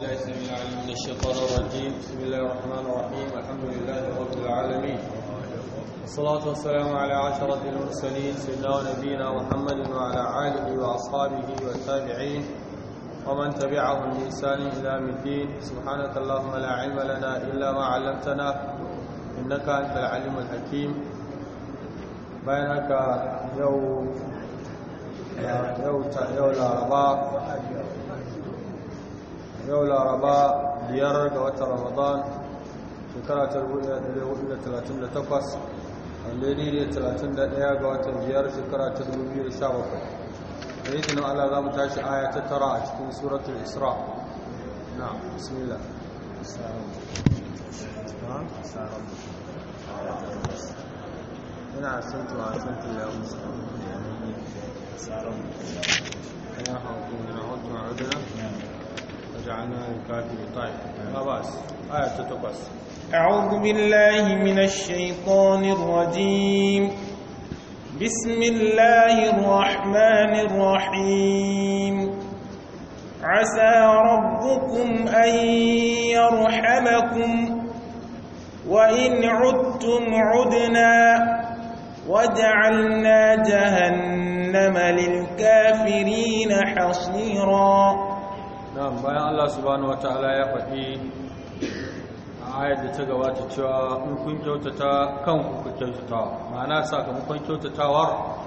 الله السميع العليم من الشيطان الرجيم بسم الله الرحمن الرحيم الحمد لله رب العالمين الصلاة والسلام على عشرة المرسلين سيدنا ونبينا محمد وعلى آله وأصحابه والتابعين ومن تبعهم بإحسان إلى يوم الدين سبحانك اللهم لا علم لنا إلا ما علمتنا إنك أنت العليم الحكيم بينك يوم يوم يوم الأربعاء يولى رباء ديار قوات رمضان شكرا تربوية دليل إلى ثلاثين لتقص الذي إلى ثلاثين لأيا قوات ديار شكرا تربوية لسابقا بإذن الله لا متعش آية ترى في سورة الإسراء نعم بسم الله أنا أسنت وأسنت إلى أم سلمة أنا حاضر أنا وجعلنا للكافر طيب لا بأس آية تتقص أعوذ بالله من الشيطان الرجيم بسم الله الرحمن الرحيم عسى ربكم أن يرحمكم وإن عدتم عدنا وجعلنا جهنم للكافرين حصيراً Na'am bayan Allah subhanahu wataala ya faɗi a ayar da ta gabata cewa in kun kyautata kanku ku kyautatawa ma'ana sakamakon kyautatawar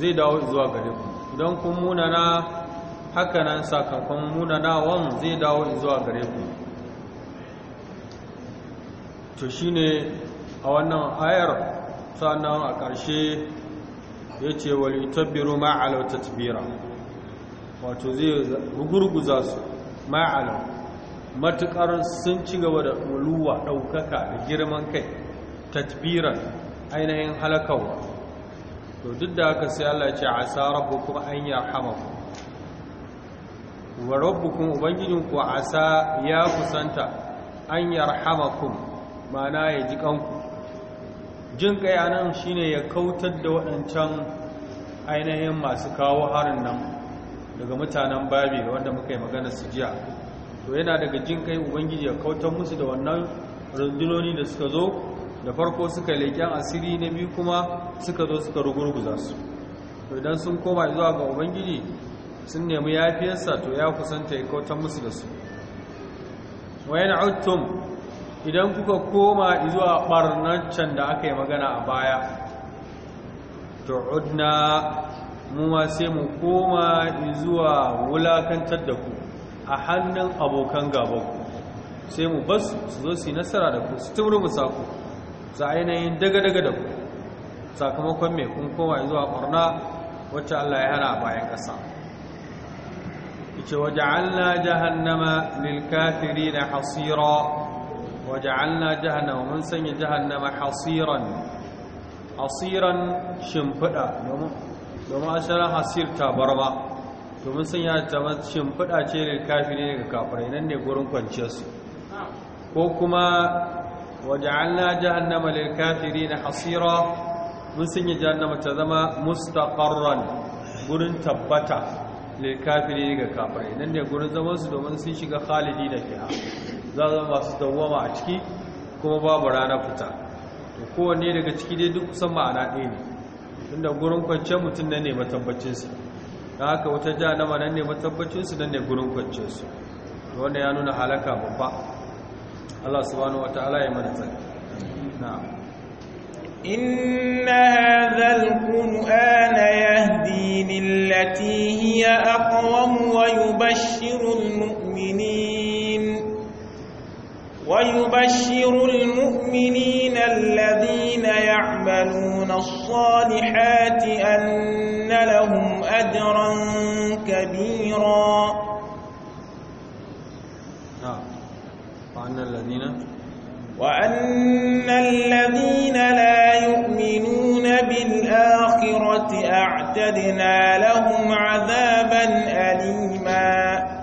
zai dawo zuwa gare ku idan kun munana hakanan sakamakon munanawan zai dawo zuwa gare ku to shine a wannan ayar sannan a ƙarshe ya ce tabbiru ma'alau tatbira wato zai gurguza su ma'alau matuƙar sun ci gaba da waluwa, ɗaukaka da girman kai tatbiran ainihin halakawa to duk da haka sai Allah ce asa kuma an ku. wa rabbukum ubangijinku asa ya kusanta an ku mana ya ji kanku jin kai anan shine ya kautar da waɗancan ainihin masu kawo harin nan daga mutanen babi ga wanda muka yi magana su jiya to yana daga jin kai ubangiji ya kautar musu da wannan rundunoni da suka zo da farko suka leƙen asiri na biyu kuma suka zo suka rugurguza su to idan sun koma zuwa ga ubangiji sun nemi yafiyarsa to ya kusanta ya kautar musu da su wayan autum idan kuka koma zuwa ɓarnar can da aka yi magana a baya to udna mu ma sai mu koma zuwa wulakantar da ku a hannun abokan gabanku sai mu basu su zo su yi nasara da ku su tumuru mu saku za a yanayin daga-daga da ku sakamakon mai kun koma zuwa ɓarna wacce Allah ya hana bayan ƙasa ce waja'alna jahannama lilkafiri na hasira waja'alna jahannama mun sanya jahannama hasiran hasiran shimfiɗa domin a shara hasir ba domin sun yi ta shimfiɗa ce da ne ga kafirai nan ne gurin kwanciyarsu ko kuma na na malar kafiri na hasira mun sun yi na ta zama mustaqarran gurin tabbata kafiri ne ga kafirai nan ne gurin zaman su domin sun shiga khalidi da fiya za zama masu dawwama a ciki kuma babu rana fita to kowanne daga ciki dai duk kusan ma'ana ɗaya ne tunda gurin kwanciyar mutum na ne tabbacinsu, da haka wata jahannama nan ne matabbacinsu nan ne gurin kwanciyarsu wanda ya nuna halaka babba Allah subhanahu wa ta'ala ya mana tsaki na. inna hadha alqur'ana yahdi lillati hiya aqwam wa ويبشر المؤمنين الذين يعملون الصالحات أن لهم أجرا كبيرا نعم. وأن الذين وأن الذين لا يؤمنون بالآخرة أعتدنا لهم عذابا أليما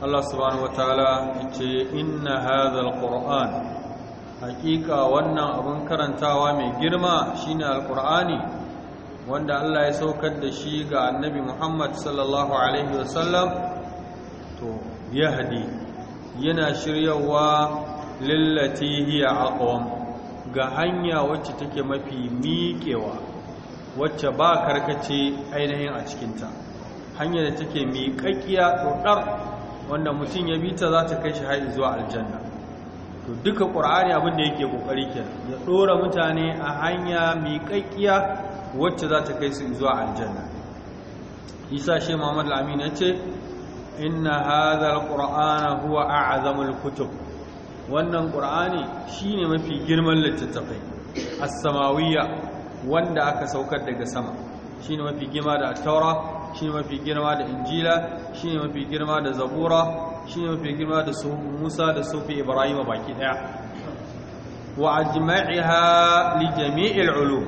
Allah subhanahu wataala yace inna hadhal qur'an hakika wannan abun karantawa mai girma shine alqur'ani wanda Allah ya saukar da shi ga annabi Muhammad sallallahu alaihi wasallam to yahdi yana shiryawa lillati hiya aqwam ga hanya wacce take mafi miƙewa wacce ba karkace ainihin a cikinta Hanya da take miƙaƙiya to dar wanda mutum ya bi ta za ta kai shi har zuwa aljanna to duka ƙur'ani abin da yake ƙoƙari ke ya ɗora mutane a hanya miƙaƙƙiya wacce za ta kai su zuwa aljanna isa shi muhammad al'amin ya ce inna hadhal qur'ana huwa a'zamul kutub wannan ƙur'ani shine mafi girman littattafai a samawiya wanda aka saukar daga sama shine mafi girma da taura shi ne mafi girma da injila shi ne mafi girma da zabura shi ne mafi girma da musa da sufi ibrahim baki daya wa ajma'iha li jami'il ulum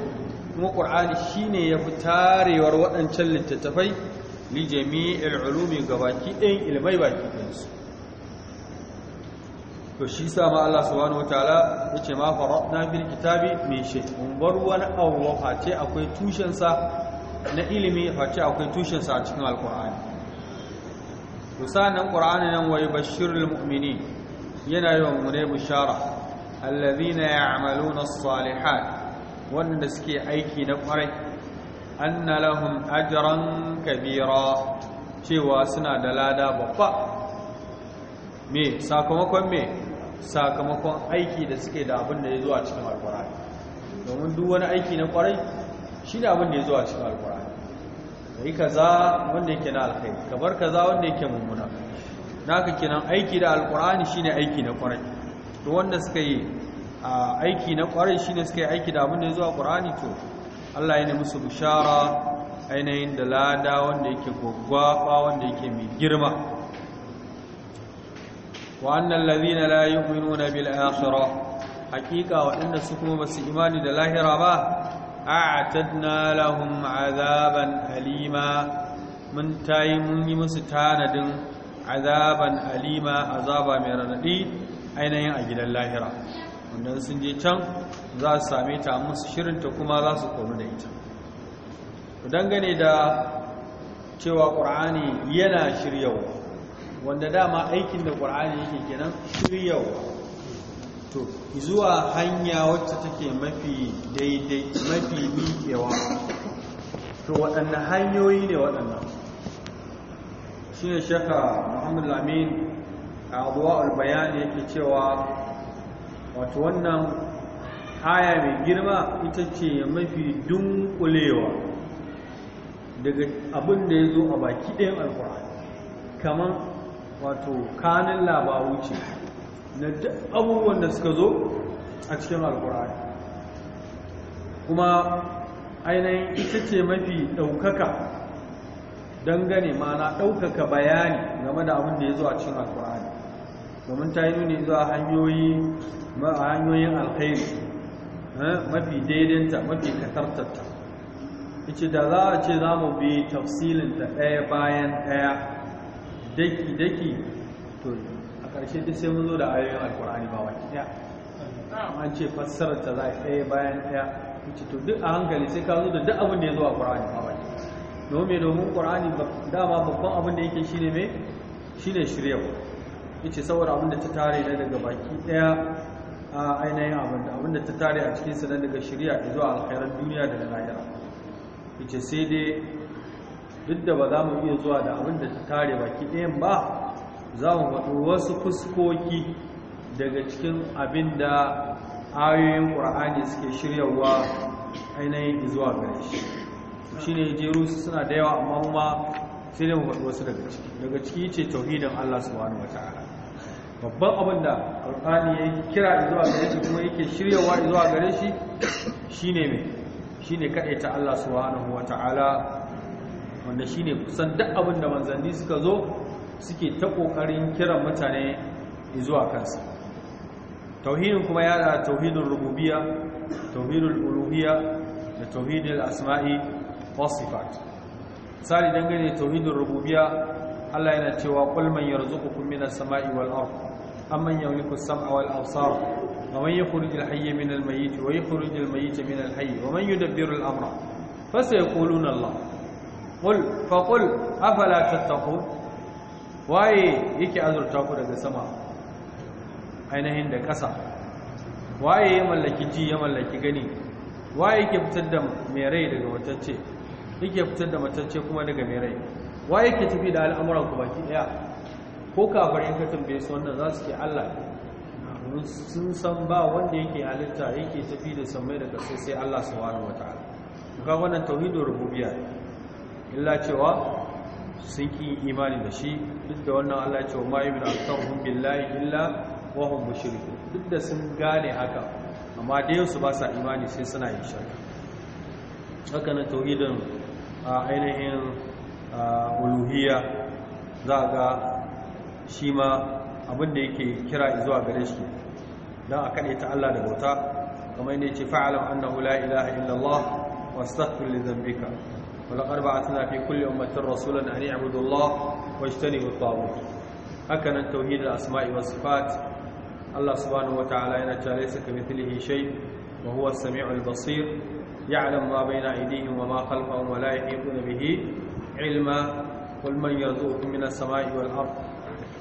kuma qur'ani shine fi tarewar waɗancan littattafai li jami'il ulumi gabaki ɗayan ilmai baki ɗayansu to shi sa ma Allah subhanahu wataala yace ma faradna bil kitabi min shay'in mun bar wani ce akwai tushensa na ilimi face akwai tushensa a cikin alkur'ani kusanin ƙur'ani nan wai bashirul mu'mini yana yi wa mune bishara allazina na salihat wanda suke aiki na an na lahun ajiran kabira cewa suna da lada babba me sakamakon me sakamakon aiki da suke da abin da ya zo a cikin alkur'ani domin duk wani aiki na ƙwarai? shi ne abin da ya zo a cikin alkur'ani ka yi kaza wanda yake na alkhairi ka bar kaza wanda yake mummuna Na ka kenan aiki da alkur'ani ne aiki na kwarai to wanda suka yi aiki na kwarai ne suka yi aiki da abin da ya zo a qur'ani to Allah ya ne musu bishara ainihin da lada wanda yake gwaggwafa wanda yake mai girma wa'annan lalzina la yi bil akhirah hakika waɗanda su kuma ba su imani da lahira ba a'tadna lahum azaban alima mun tayi mun yi musu tanadin azaban alima azaba mai radadi ainihin a gidan lahira wanda sun je can za su same ta musu shirinta kuma za su komi da ita dangane da cewa ƙur'ani yana shiryawa wanda dama aikin da ƙur'ani yake kenan shiryawa to zuwa hanya wacce take mafi daidai mafi miƙewa to waɗanne hanyoyi ne waɗannan shi ne shaka muhammadu lamin a abuwa albayani yake cewa wato wannan haya mai girma ita ce mafi dunkulewa daga abin da ya zo a baki ɗayan alfahari kamar wato kanin labaru ce na duk abubuwan da suka zo a cikin alkur'ani kuma ainihin ita ce mafi ɗaukaka dangane na ɗaukaka bayani game da abin da ya zo a cikin alkur'ani domin ta yi nuni zuwa hanyoyi hanyoyin alkhairi eh, mafi daidanta mafi katartatta ita da za a ce za mu bi tafsilinta ɗaya bayan ɗaya daki-daki to ƙarshe duk sai mun zo da ayoyin alkur'ani ba wani ɗaya an ce fassarar ta za ɗaya bayan ɗaya wuce to duk a hankali sai ka zo da duk abin da ya zo a ƙur'ani ba wani domin domin ƙur'ani dama babban abin da yake shine mai shine shirya yace saboda abin da ta tare na daga baki ɗaya a ainihin abin da abin da ta tare a cikin sa daga shirya zuwa alkhairar duniya da lahira yace sai dai duk da ba za mu iya zuwa da abin da ta tare baki ɗayan ba za mu faɗo wasu fuskoki daga cikin abin da ayoyin ƙur'ani suke shiryawa ainihin zuwa gare shi shi ne jeru suna da yawa amma kuma sai ne mu faɗo wasu daga ciki daga ciki ce tauhidin Allah subhanahu wataala babban abin da ƙur'ani ya kira zuwa gare shi kuma yake shiryawa zuwa gare shi shine mai shine kaɗaita Allah wata wataala wanda shine kusan duk abin da manzanni suka zo suke ta ƙoƙarin kiran mutane zuwa kansa tauhidin kuma ya da tauhidin rububiya tauhidin uluhiya da tauhidin asma'i wasifat tsari dangane tauhidin rububiya Allah yana cewa qul man yarzuqukum minas sama'i wal ard amman yamliku as-sam'a wal absar ومن يخرج الحي من الميت ويخرج الميت من الحي ومن يدبر الأمر فسيقولون الله قل فقل أفلا تتقون waye yake azurta ku daga sama ainihin da ƙasa waye ya mallaki ji ya mallaki gani waye yake fitar da mai rai daga matacce yake fitar da matacce kuma daga mai rai waye yake tafi da al'amuran ku baki daya ko in ka tambaye su wannan za su ke Allah sun san ba wanda yake halitta yake tafi da samai da ƙasa sai Allah subhanahu wataala ga wannan tauhidin rububiyya illa cewa sun ki imani da shi duk da wannan Allah ce wa ma alkawun aktharuhum billahi illa wahun hum duk da sun gane haka amma da yau su ba sa imani sai suna yin shirka haka na tauhidin a ainihin uluhiyya za a ga shi ma abin da yake kira zuwa gare shi don a kaɗe ta Allah da bauta kamar ne ce fa'alam annahu la ilaha illallah wastaghfir li dhanbika ولقد بعثنا في كل أمة رسولا أن يعبدوا الله واجتنبوا الطاغوت هكذا توحيد الأسماء والصفات الله سبحانه وتعالى ينجى ليس كمثله شيء وهو السميع البصير يعلم ما بين أيديهم وما خلفهم ولا يحيطون به علما قل من يرزقكم من السماء والأرض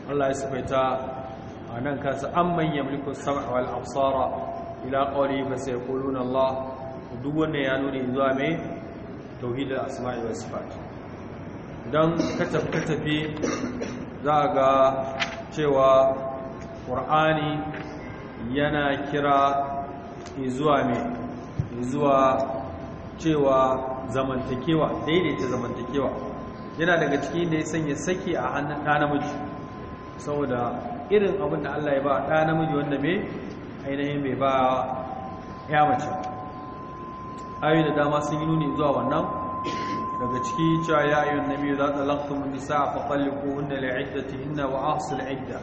الله سبحانه وتعالى أم من يملك السمع والأبصار إلى قوله فسيقولون الله دون يانون إذامه tauhidar asma'i wa sifat dan ka tafi za ga cewa ƙur'ani yana kira zuwa mai zuwa cewa zamantakewa daidaita zamantakewa yana daga ciki da ya sanya saki a hannun ɗa namiji saboda irin abin da Allah ya ba ɗa namiji wanda mai ainihin mai ba ya mace ayoyi da dama sun yi nuni zuwa wannan daga ciki cewa ya na biyu za ta laqtum nisaa fa talliquhunna li'iddatihinna wa ahsil 'idda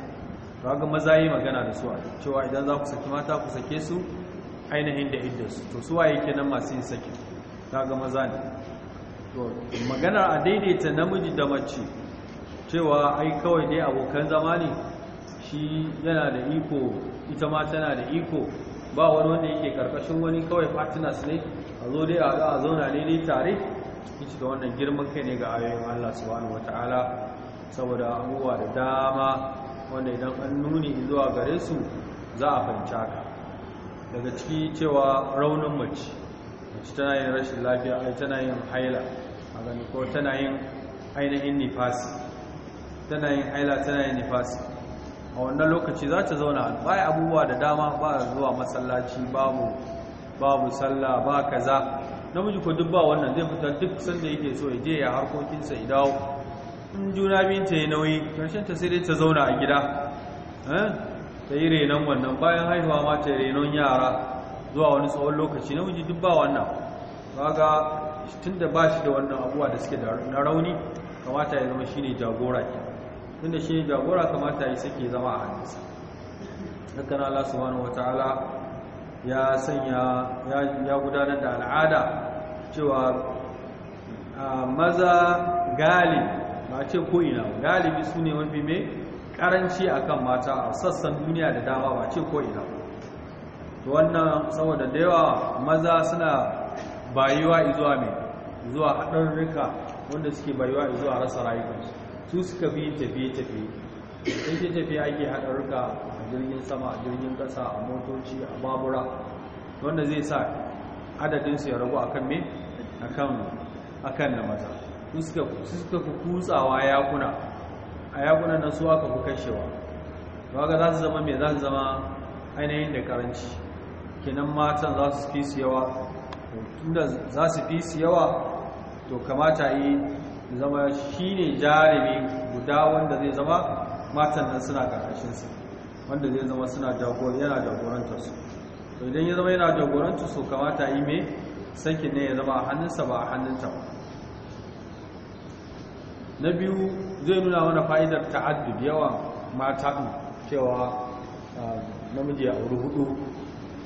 ga maza yi magana da su a cewa idan za ku saki mata ku sake su ainihin da su to su waye kenan masu yin saki ga maza ne to magana a daidaita namiji da mace cewa ai kawai dai abokan zama ne shi yana da iko ita ma tana da iko ba wani wanda yake karkashin wani kawai partners ne a zo dai a a zauna ne ne tare yace da wannan girman kai ne ga ayoyin Allah subhanahu wataala saboda abubuwa da dama wanda idan an nuni zuwa gare su za a fahimci haka daga ciki cewa raunin mace mace tana yin rashin lafiya ai tana yin haila a gani ko tana yin ainihin nifasi tana yin haila tana yin nifasi a wannan lokaci za ta zauna baya abubuwa da dama ba zuwa masallaci babu babu sallah ba kaza namiji ko duk ba wannan zai fitar duk sanda yake so ya je ya harkokinsa ya dawo in juna biyun ta yi nauyi karshen ta sai dai ta zauna a gida eh? ta yi renon wannan bayan haihuwa ma ta renon yara zuwa wani tsawon lokaci namiji duk ba wannan tun tunda ba shi da wannan abuwa da suke da rauni kamata ya zama shi jagora kenan tunda shi jagora kamata yi suke zama a hannunsa dukkan Allah subhanahu wataala ya sanya ya gudanar da al'ada cewa maza galib ba ce ko ina galibi su ne wani mai karanci akan mata a sassan duniya da dama ba ce ko ina wannan saboda da yawa maza suna bayuwa izuwa mai zuwa haɗarurruka wanda suke bayuwa izuwa rasa rayukansu su suka bi tafiye-tafiye in ce tafiye ake haɗarurka a jirgin sama a jirgin ƙasa a motoci a babura wanda zai sa adadinsu ya rabu a kan a kan na maza su suka fi kutsawa yakuna a yakuna na su aka fi kashewa ba ga za su zama mai za su zama ainihin da karanci kenan matan fi su yawa za su fi su yawa to kamata yi zama shi ne jarumi guda wanda zai zama matan nan suna ƙarƙashinsa wanda zai zama suna yana jagorantarsu to idan ya zama yana jagorantarsu kamata yi mai sakin ne ya zama a hannunsa ba a hannunta ba na biyu zai nuna mana fa'idar ta'addud yawa mata ɗin cewa namiji a wuri hudu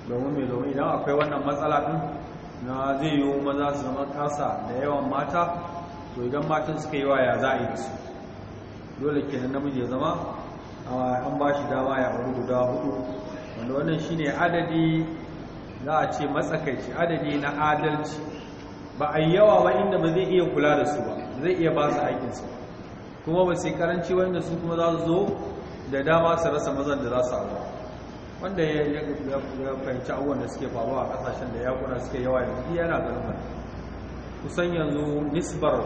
domin mai domin idan akwai wannan matsala ɗin na zai yi maza su zama kasa da yawan mata to idan matan suka yi waya za a yi da su dole kenan namiji ya zama an ba shi dama ya auri guda hudu wanda wannan shi ne adadi za a ce matsakaici adadi na adalci ba a yawa ba inda ba zai iya kula da su ba zai iya ba su aikinsu kuma ba sai karanci wanda su kuma za su zo da dama su rasa mazan da za su abu wanda ya fahimci abubuwan da suke faruwa a kasashen da yakuna suke yawa yanzu yana ganin kusan yanzu nisbar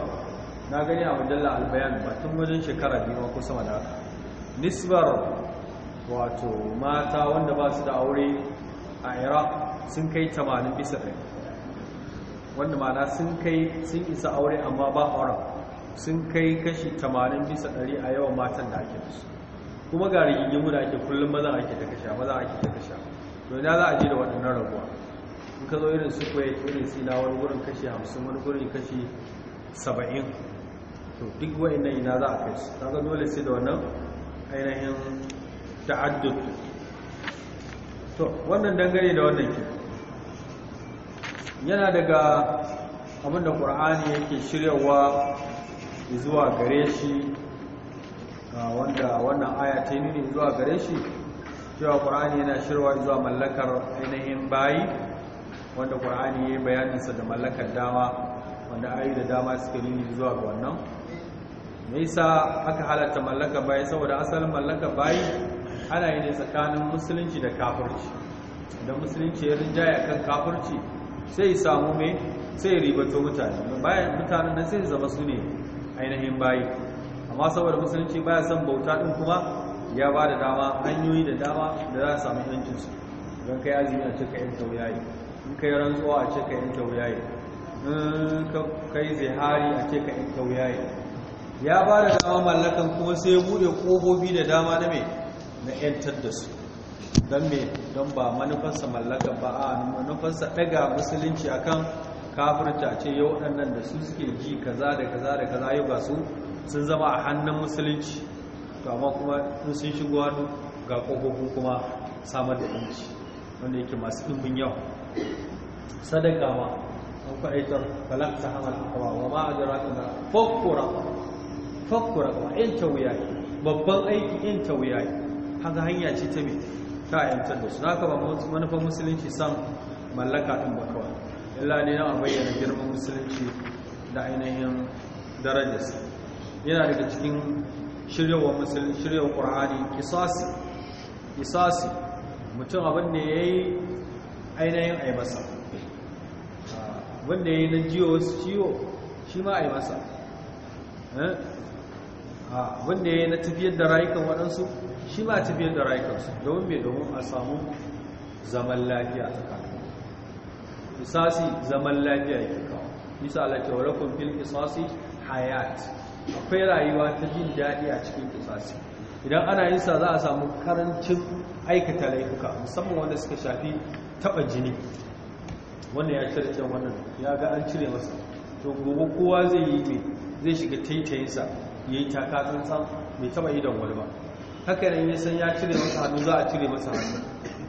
na gani a mujalla albayan ba tun wajen shekara biyu ko sama da haka nisbar wato mata wanda ba su da aure a iraq sun kai 80 bisa ɗari wanda mana sun kai sun isa aure amma ba auren sun kai kashi 80 bisa ɗari a yawan matan da ake su kuma ga rigingimu da ake kullum maza ake ta kasha maza ake ta kasha to ina za a je da waɗannan rabuwa in ka zo irin su kwaye irin sina wani gurin kashi hamsin wani gurin kashi saba'in to duk nan ina za a kai su ta dole sai da wannan ainihin ta'addud to wannan dangane da wannan ke yana daga da ƙur'ani yake shiryawa zuwa gare shi wanda wannan aya ta yi nuni zuwa gare shi cewa ƙur'ani yana shirwa zuwa mallakar ainihin bayi wanda ƙwar'ani ya yi bayaninsa da mallakar dama wanda ayi da dama suke nuni zuwa ga wannan me yasa aka halatta mallakar bayi saboda asalin mallakar bayi ana yi ne tsakanin musulunci da kafurci. da musulunci ya rinjaya kan kafurci, sai samu me sai ribato mutane bayan mutanen nan sai zama su ne ainihin bayi amma saboda musulunci baya son bauta din kuma ya ba da dama hanyoyi da dama da za a samu yankinsu don kai azumi a cika yin wuyayi in ka yi rantsuwa a ce ka yin tauyayi in ka yi zihari a ce ka yin tauyayi ya ba da dama mallakan kuma sai ya bude ƙofofi da dama na mai na yantar da su don mai don ba manufarsa mallakan ba a manufarsa ɗaga musulunci akan kafirta ce yau waɗannan da su suke ji kaza da kaza da kaza yau ga su sun zama a hannun musulunci to amma kuma in sun shigo hannu ga ƙofofin kuma samar da yanci wanda yake masu ɗimbin yau. sadaka ma an faɗaitar falakta hamal akawa wa ma ta da fakkura fakkura ma in tawiyayi babban aiki in tawiyayi haka hanya ce ta mai ta yantar da su na ba manufan musulunci san mallaka ɗin ba kawai illa ne na bayyana girman musulunci da ainihin darajarsa yana daga cikin shiryawar musulun shiryawar ƙur'ani kisasi kisasi mutum abin da ya yi ainihin a yi masa ah, wanda ya yi na jiyo wasu ciwo shi ma a yi masa eh? ah, wanda ya yi na tafiyar da rayukan waɗansu shi ma a tafiyar da rayukansu domin mai domin a samu zaman lafiya tsakanin isasi zaman lafiya yake kawo nisa alakewar wa fil isasi hayat akwai rayuwa ta jin daɗi a cikin isasi idan ana yin sa za a samu karancin aikata laifuka musamman wanda suka shafi taba jini wannan ya cire wannan ya ga an cire masa to gobe kowa zai yi ne zai shiga taitayinsa ya yi taka tsantsan mai taba idon wani ba haka nan ya san ya cire masa hannu za a cire masa hannu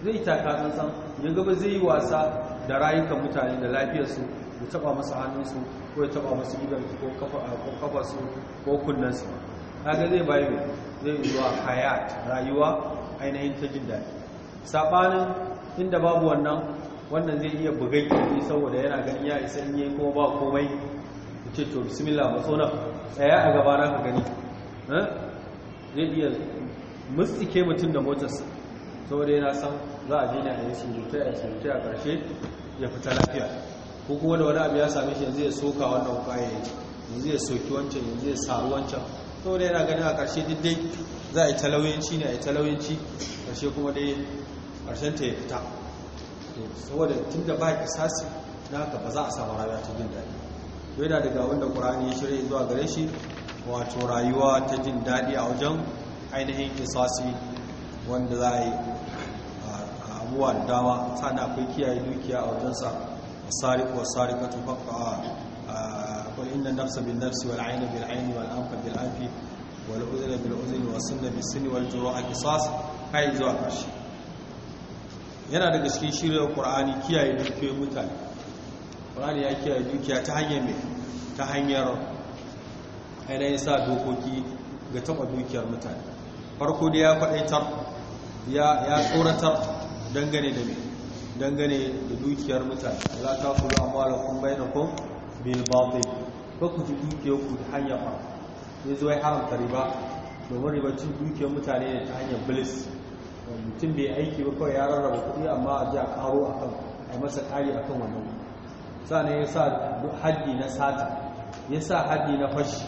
zai yi taka tsantsan ya gaba zai yi wasa da rayukan mutane da lafiyarsu ya taba masa hannunsu ko ya taba masa su ko kafa su ko kunnensu kaga zai bayu zai zuwa hayat rayuwa ainihin ta jin daɗi saɓanin inda babu wannan wannan zai iya bugai kirji saboda yana gani ya isa in kuma ba komai ya ce to bismillah matso nan tsaya a gaba na ka gani eh? zai iya mustike mutum da motarsa saboda yana san za a je da a yi surutai a surutai a ƙarshe ya fita lafiya ko kuma da wani abu ya sami shi yanzu ya soka wannan kwaye yanzu ya soki wancan yanzu ya saru wancan saboda yana ganin a ƙarshe dai. za a yi talauyanci ne a yi talauyanci ƙarshe kuma dai ƙarshen ta ya fita saboda tun da ba kisasi na haka ba za a samu rayuwa ta jin daɗi to yana daga wanda ƙur'ani ya shirya zuwa gare shi wato rayuwa ta jin daɗi a wajen ainihin kisasi wanda za a yi a abuwa da dama sana akwai kiyaye dukiya a wajensa sariku wa sarikatu a akwai na nafsa bin nafsi wal bil ayni wal uzna bil uzni wa sunna bis sunni wal juru'a qisas kai zuwa ƙarshe yana daga cikin shirin qur'ani kiyaye dukkan mutane qur'ani ya kiyaye dukiya ta hanyar me ta hanyar ainihin sa dokoki ga taɓa dukiyar mutane farko da ya faɗaitar ya tsoratar dangane da mai dangane da dukiyar mutane za ta kula amwalakum kun bil batil ko ku ji dukiyar ku da hanyar farko ya zo ya haramta riba domin riba cin dukiyar mutane ne ta hanyar bilis mutum bai aiki ba kawai ya rarraba kuɗi amma a karo a kan a masa kari a kan wannan sannan ya sa haddi na sata ya sa haddi na fashi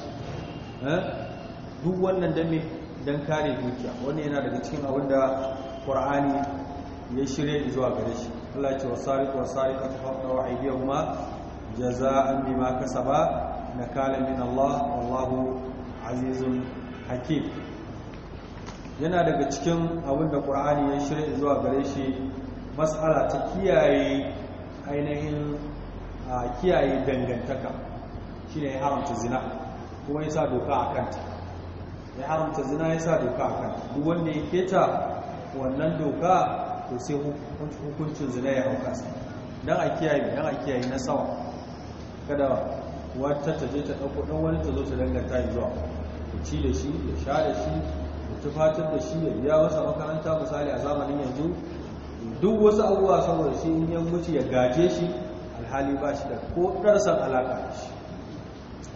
eh? duk wannan dame don kare dukiya wannan yana daga cikin abin da kur'ani ya shirya zuwa gare shi Allah ce wasariku wasariku ta faɗa wa aidiyar ma jaza'an bima kasaba nakala min Allah wallahu azizun hakim yana daga cikin abin da ƙur'ani ya shirya zuwa gare shi matsala ta kiyaye ainihin kiyaye dangantaka shi ne ya haramta zina kuma ya sa doka a kanta ya haramta zina ya sa doka a kanta duk wanda ya keta wannan doka to sai hukuncin zina ya hauka sa don a kiyaye don a kiyaye na sawa kada wata ta je ta ɗauko ɗan wani ta zo ta danganta zuwa ku ci da shi ya sha da shi ya tufatar da shi ya biya masa makaranta misali a zamanin yanzu duk wasu abubuwa saboda shi in yan mutu ya gaje shi alhali ba shi da ko ɗarsan alaƙa da shi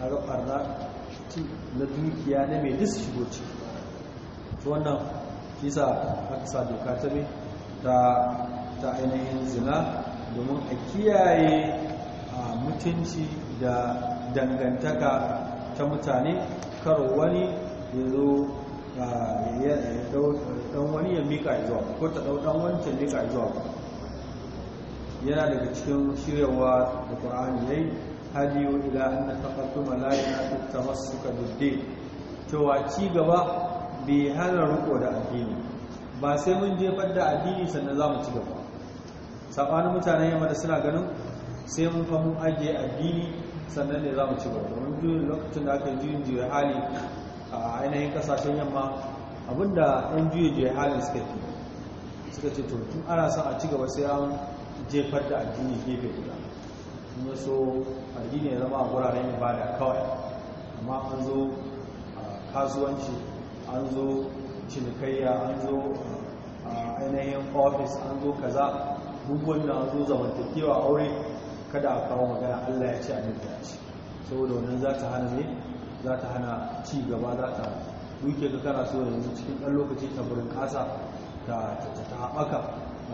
a ga ɓarna na dukiya na mai duk shigo ci wannan kisa aka sa doka ta mai ta ainihin zina domin a kiyaye mutunci da dangantaka ta mutane kar wani ya zo ah, ya ɗan wani ya miƙa zuwa ko ta ɗau ɗan wancan miƙa zuwa yana daga cikin shiryawa da ƙur'ani yayi hadiyu ila anna taqadduma ta yanatu tamassuka bid-din cewa ci gaba bai hana riko da addini ba sai mun jefar da addini sannan za mu ci gaba sabanin mutanen yamma da suna ganin sai mun fa ajiye addini sannan ne za mu ci gaba domin duk lokacin da aka juyin juya hali a ainihin kasashen yamma abinda yan juya juya halin suka ce, suka ce to tun ana son a ci gaba sai an jefar da addini gefe guda kuma so addini ya zama a wuraren ibada kawai amma an zo kasuwanci an zo cinikayya an zo ainihin ofis an zo kaza duk wanda an zo zamantakewa aure kada a kawo magana Allah ya ce nufi ya ce saboda wannan za ta hana ne za ta hana ci gaba za ta duke ka kana so yanzu cikin ɗan lokaci ta burin kasa ta ta haɓaka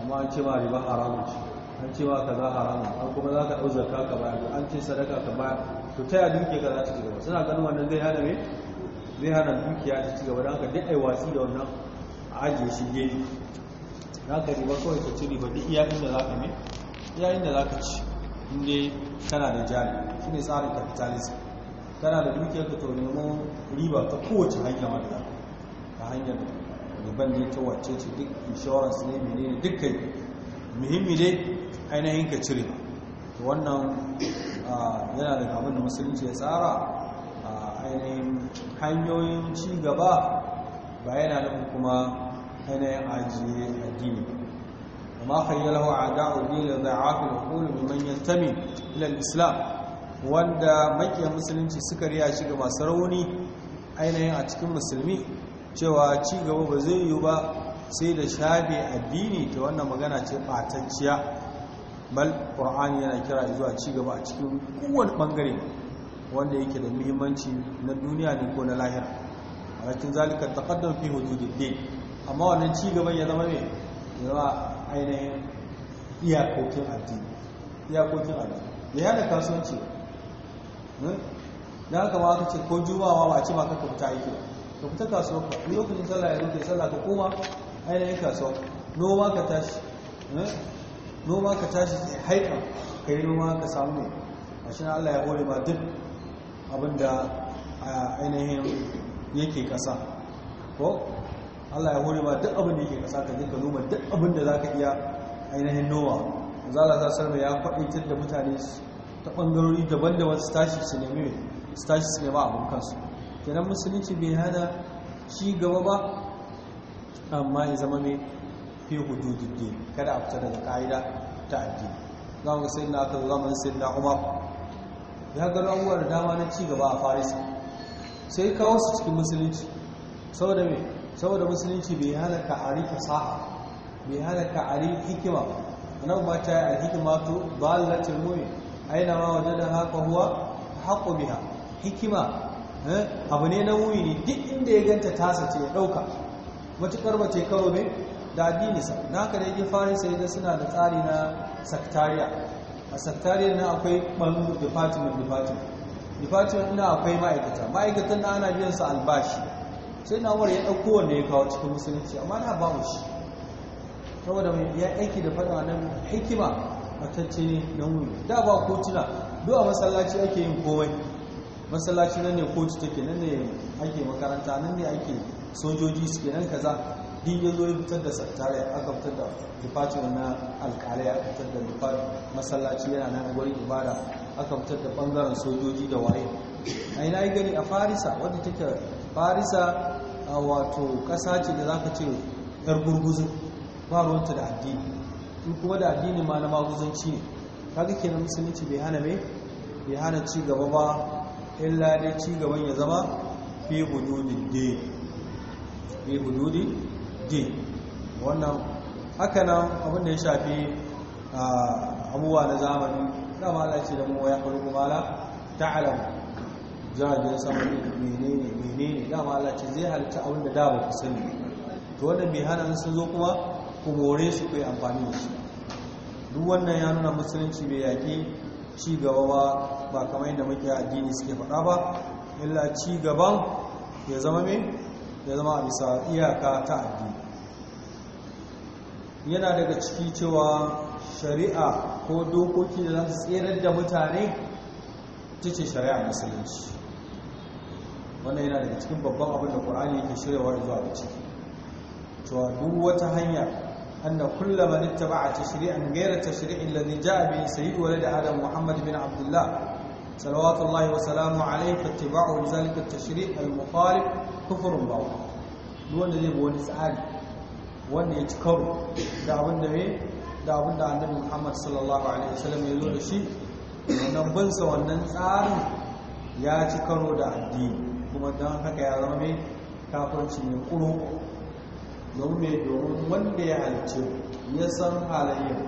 amma an ce ma riba haramun ci an ce ma kaza haramun an kuma za ka ɗau zakka ka bayar an ce sadaka ka bayan to ta ya duke ka za ta ci gaba suna ganin wannan zai hana ne zai hana dukiya ta ci gaba don haka duk ai watsi da wannan a ajiye shi gefe za ka riba kawai ka ci riba duk iya inda za ka ne iya inda za ka ci inda kana da jari shi ne tsarin capitalism kana da dukiyar ka to nemo riba ta kowace hanya wanda ta hanyar ban ne ta wace ce duk insurance ne mene ne duk kai muhimmi dai ainihin ka cire ta wannan yana da abin da musulunci ya tsara ainihin hanyoyin ci gaba ba yana nufin kuma ainihin ajiye addini وما خيله أعداء الدين لضعاف العقول ممن ينتمي إلى islam wanda makiya musulunci suka riya shi ga masu rauni ainihin a cikin musulmi cewa ci gaba ba zai yiwu ba sai da shafe addini ta wannan magana ce batacciya bal qur'ani yana kira zuwa ci gaba a cikin kowane bangare wanda yake da muhimmanci na duniya ne ko na lahira a cikin zalika taqaddam fi hududiddin amma wannan ci gaban ya zama ya yawa ainihin iyakokin addini iyakokin addini da yana kasuwanci hmm? da haka ma aka ce ko jumawa ba ce ba ka fita aiki ka fita kasuwa ka ni lokacin sallah ya zo kai sallah ka koma ainihin kasuwa noma ka tashi hmm? noma ka tashi haika ka yi noma ka samu ne a shi Allah ya hore ba duk abinda ainihin yake kasa ko Allah ya hore ba duk abin da yake kasa ka dinka noma duk abin da zaka iya ainihin noma zala ta sarma ya faɗaitar da mutane ta ɓangarori daban-daban su tashi su nemi su tashi su nemi abin kansu kenan musulunci bai hada ci gaba ba amma ya zama mai fi hududin kada a fita daga ka'ida ta addini za mu ga sai na aka zamanin sai na umar ya gano abubuwa da dama na ci gaba a farisa sai kawo su cikin musulunci saboda mai saboda musulunci bai halaka a rike sa'a bai halaka a rike hikima nan ba ta yi alhikima to ba lalatin A aina ma wajen da haka huwa haƙo biya hikima eh, abu ne na ne duk inda ya ganta tasa ce ya ɗauka matuƙar ba ce kawo ne da adinisa na haka da yake farin sai da suna da tsari na sakitariya a sakitariya na akwai ɓangu department department department na akwai ma'aikata ma'aikatan na ana biyan su albashi sai na wara ya ɗauko wanda ya kawo cikin musulunci amma na ba mu shi saboda mai ya aiki da faɗa nan hikima matacce ne don wuri da ba kotuna duk a masallaci ake yin komai masallaci nan ne kotu take nan ne ake makaranta nan ne ake sojoji suke nan kaza din ya zo ya fitar da sattare aka fitar da dufacin na alkalai a fitar da dufacin masallaci yana nan wurin ibada aka fitar da bangaren sojoji da waye a ina gani a farisa wadda take farisa a wato ƙasa ce da za ka ce yar gurguzun ba ruwanta da addini in kuma da addini ma na maguzanci ne kaga kenan musulunci bai hana mai bai hana ci ba illa dai ci gaban ya zama fi hududin din fi hududin din wannan haka nan abin da ya shafi abubuwa na zamani dama Allah ce da mu ya kullu Ta ta'lamu za a je sama menene menene dama Allah ce zai halitta abin da da ba ku sani to wannan bai hana sun zo kuma ku more su ku amfani da shi duk wannan ya nuna musulunci mai yaƙi ci gaba ba ba kamar yadda muke addini suke faɗa ba illa ci gaban ya zama me ya zama a bisa iyaka ta addini yana daga ciki cewa shari'a ko dokoki da za su tserar da mutane ta ce shari'a musulunci wannan yana daga cikin babban abin da qur'ani yake shiryawa zuwa ga ciki cewa duk wata hanya anna kullu man ittaba'a tashri'an ghayra tashri'in alladhi ja'a bihi sayyid walad adam muhammad bin abdullah sallallahu alaihi wa salamu alayhi fattiba'u zalika at-tashri' al-mukhalif kufrun bawa duk wanda zai bi wani tsari wanda ya ci karo da abin da ne da abin da annabi muhammad sallallahu alaihi wa sallam ya zo da shi wannan bansa, wannan tsarin ya ci karo da addini kuma don haka ya zama mai kafirci mai kuro domin mai domin wanda ya halice ya san halayyar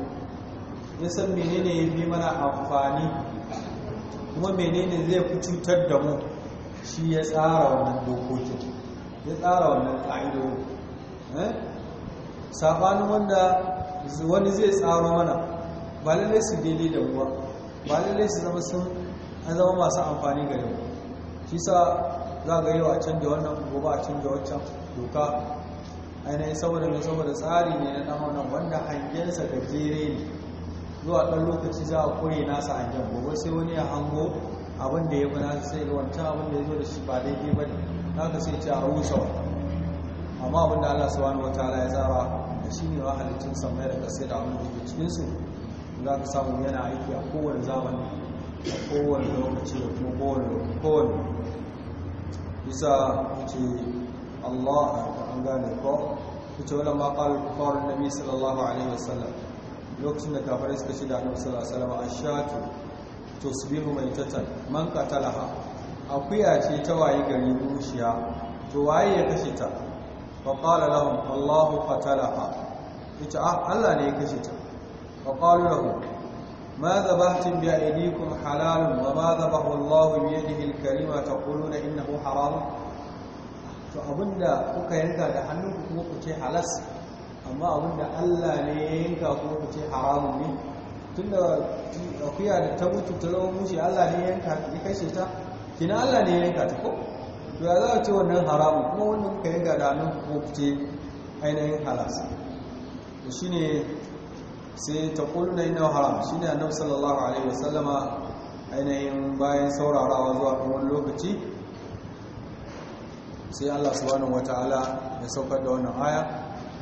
ya san menene ya fi mana amfani kuma menene zai fi cutar da mu shi ya tsara wannan dokokin ya tsara wannan ƙa'idodin eh? sabanin wanda wani zai tsaro mana ba lallai su daidai da ruwa ba lallai su zama sun an zama masu amfani ga yau shi sa za ga yau a canja wannan gobe a canja wancan doka ainihin saboda mai saboda tsari ne na ɗan wanda hangensa gajere ne zuwa ɗan lokaci za a kure nasa hangen gobe sai wani ya hango abin da ya fi nasa sai wancan abin da ya zo da shi ba daidai ba ne za ka sai ce a rusa amma abin da allah wani wata ala ya tsara da shi ne wa halittun samai da kasai da abin da ke cikinsu za ka samu yana aiki a kowane zamani a kowane lokaci da kuma kowane lokaci bisa ce Allah an gane ko kuce wannan ma qala kufar nabi sallallahu alaihi wasallam lokacin da kafirai suka ce da annabi sallallahu alaihi wasallam ashatu tusbihu maitatan man qatalaha akuya ce ta waye gari rushiya to waye ya kashe ta fa qala lahum Allahu qatalaha ita ah, Allah ne ya kashe ta fa qalu lahum ما ذبحتم بأيديكم حلال وما ذبحه الله بيده الكريمة تقولون إنه حرام to abinda kuka yanka da hannunku kuma ku ce halas amma abinda Allah ne ya yanka kuma ku ce haramun ne tunda akuya da ta mutu ta zama mushi Allah ne ya yanka ya kashe ta kina Allah ne ya yanka ta ko to ya za a ce wannan haramun kuma wanda kuka yanka da hannunku kuma ku ce ainihin halas to shine sai ta kulna ina haram shi ne annabi sallallahu alaihi wasallama ainihin bayan saurarawa zuwa ɗan lokaci sai allah subhanahu wata'ala ya saukar da wannan aya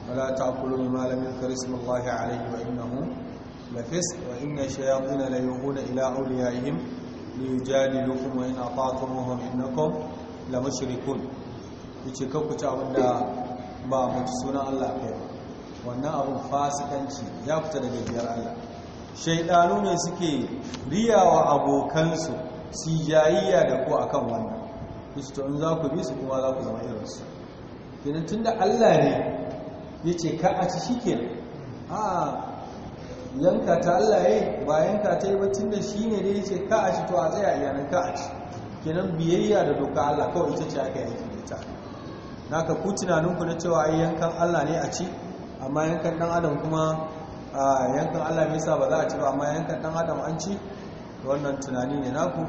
wala ta'kulu mimma lam yuzkar ismullahi alaihi wa innahu lafis wa inna shayatin la yuhuna ila awliyaihim liyujadilukum wa in ata'tumuhum innakum la mushrikun yace kakkuta abinda ba mutu suna allah kai wannan abin fasikanci ya fita daga biyar Allah shaidanu ne suke riyawa abokansu su yayayya da ku akan wannan kusto in za ku bi su kuma za ku zama irinsu kenan tun da Allah ne ya ce ka a ci shi ke a yanka ta Allah ya ba yanka ta yi ba tun da shi ne da ya ce ka a ci to a tsaya iyanan ka a ci kenan biyayya da doka Allah kawai ita ce aka yi aiki da ita naka ku tunaninku na cewa ayyankan Allah ne a ci amma yankan dan adam kuma yankan allah nisa ba za a ci ba amma yankan dan adam an ci wannan tunani ne naku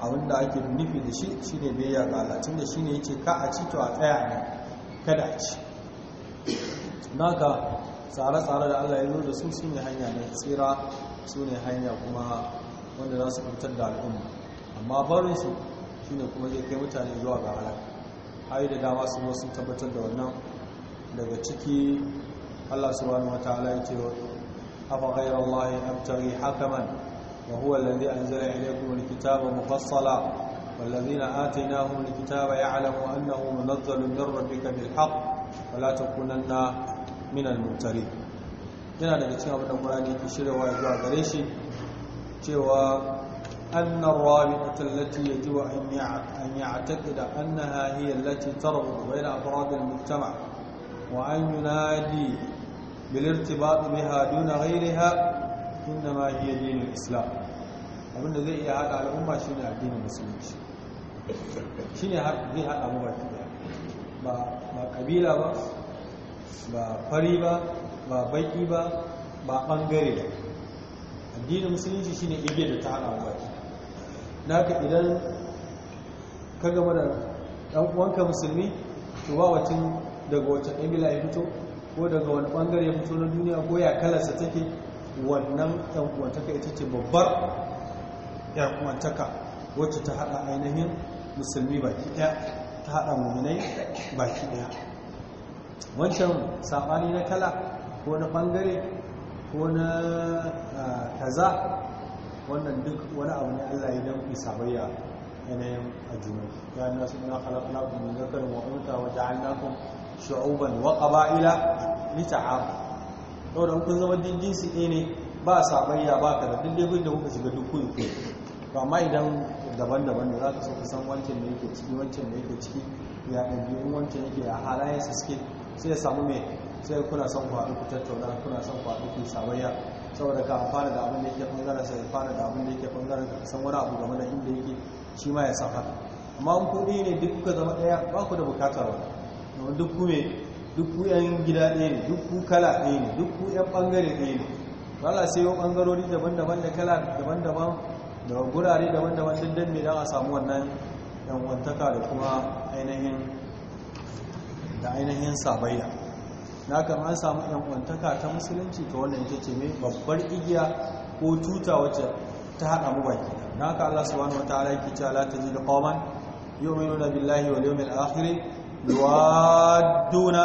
abinda ake nufi da shi shi ne biyayya ga allah tun da shi ne ya ce ka a ci to a tsaya ne kada a ci ka tsare-tsare da allah ya zo da su su ne hanya ne tsira su ne hanya kuma wanda za su fitar da al'umma amma barinsu shi ne kuma zai kai mutane zuwa ga allah hayi da dama su wasu tabbatar da wannan daga ciki Allah subhanahu wataala yake afa ghayra Allah abtaghi hakaman wa huwa alladhi anzala ilaykum alkitaba mufassala والذين آتيناهم الكتاب يعلم أنه منزل من ربك بالحق ولا تكونن من الممترين yana daga cikin abin da Qur'ani ke shiryawa ya zuwa gare shi cewa anna ar-rabi'atu allati yajibu an an ya'taqida annaha hiya allati tarbu bayna afrad al-mujtama' wa an yunadi بالارتباط بها دون غيرها إنما هي دين الإسلام abin da zai iya haɗa al'umma shi ne addinin musulunci shi ne zai haɗa mawaki ba ba ƙabila ba ba fari ba ba baƙi ba ba ɓangare ba addinin musulunci shi ne ibe da ta haɗa mawaki na ka idan ka gama da ɗan uwanka musulmi to ba wacin daga wacce ƙabila ya fito ko daga wani bangare ya fito na duniya ko ya kalarsa take wannan yankuwantaka ita ce babbar yankuwantaka wacce ta hada ainihin musulmi baki daya ta hada mummunai baki daya wancan sabani na kala ko na bangare ko na kaza wannan duk wani abu ne Allah ya dan sabayya yanayin a juna ya nasu na khalaqnakum min dhakarin wa unta wa shu'uban wa qaba'ila to saboda kun zama dindin su ne ba sabayya ba ka da, dindin da kuka shiga duk kuyi to amma idan daban-daban ne za ka so ka san wancan da yake ciki wancan da yake ciki ya In wancan yake a ya su suke sai ya samu mai sai kuna son ku haɗu ku tattauna kuna son ku haɗu ku sabayya saboda ka fara da abin da yake ɓangaren sa ya fara da abin da yake ɓangaren ka san wani abu game da inda yake shi ma ya san haka amma in kuɗi ne duk kuka zama ɗaya ba ku da bukatar wani kamar duk ku me duk ku yan gida ɗaya ne duk kala ɗaya ne duk ku yan ɓangare ɗaya ne wala sai yau ɓangarori daban-daban da kala daban-daban da gurare daban-daban duk dan mai don a samu wannan yanwantaka da kuma ainihin da ainihin sabayya na kama an samu yanwantaka ta musulunci ta wannan ita ce mai babbar igiya ko tuta wacce ta haɗa mu baki na ka Allah subhanahu wataala yake cewa la yau qauman yu'minuna billahi wal yawmil akhir يوادون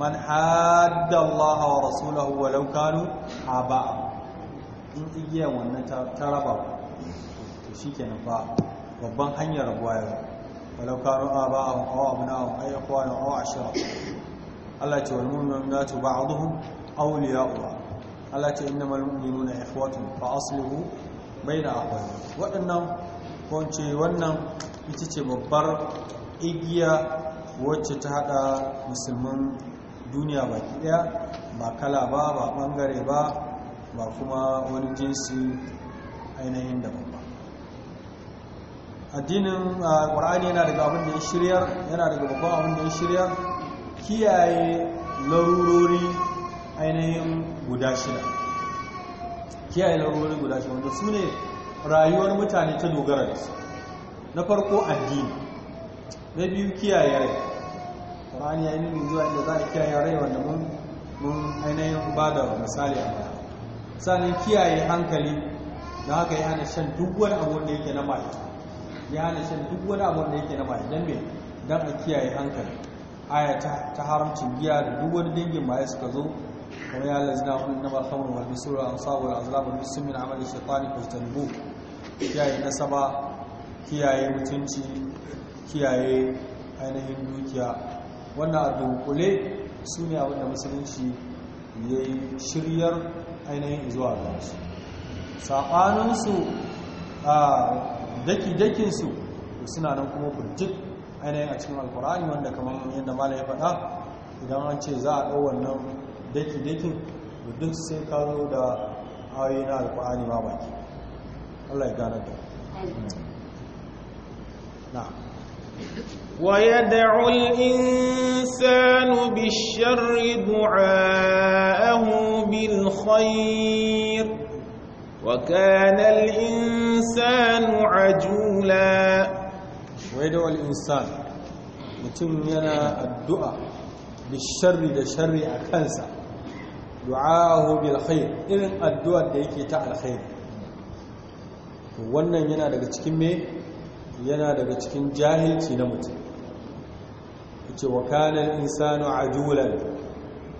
من حاد الله ورسوله ولو كانوا آباءهم in igiyar wannan ta raba to shi babban hanyar rabuwa walau kanu a abu na hawa na Allah ce wani mummin na ce ba a duhun auliya Allah ce inda nuna bai da akwai waɗannan wannan ita ce babbar igiya wacce ta hada musulman duniya baki daya ba kala ba ba bangare ba ba kuma wani jinsi ainihin daban ba addinin ƙwar'ani yana daga abin da ya shirya yana daga babban abin da ya shirya kiyaye larurori ainihin guda shida kiyaye larurori guda shida wanda su ne rayuwar mutane ta dogara da su na farko addini na biyu kiyaye rai ƙwararren ya yi nuna zuwa inda za a kiyaye rai wanda mun ainihin ba da misali a baya sannan kiyaye hankali da haka ya hana shan duk wani abu da yake na mai ya hana shan duk wani abu da yake na mai don me don a kiyaye hankali aya ta haramcin giya da duk wani dangin maye suka zo kuma ya na kun nama kamar wani sura an sabu da azlamu da sun min amalin shaitani ko kiyaye nasaba kiyaye mutunci kiyaye ainihin dukiya wannan abin dunkule su ne abinda musulunci ya yi shiryar ainihin zuwa gansu saɓaninsu a daki-dakinsu suna nan kuma burjik ainihin a cikin alkurani wanda kamar yadda mala ya faɗa idan an ce za a ɗau wannan daki-dakin duk sai karo da ayoyi na alkurani ma baki Allah ya gane da na ويدعو الإنسان بالشر دعاءه بالخير وكان الإنسان عجولا ويدعو الإنسان متم ينا الدعاء بالشر دشر أكنسا دعاءه بالخير إن الدعاء ديكي تعالى خير وانا yana daga yana daga cikin jahilci na mutum ce wa kanan insanu ajulan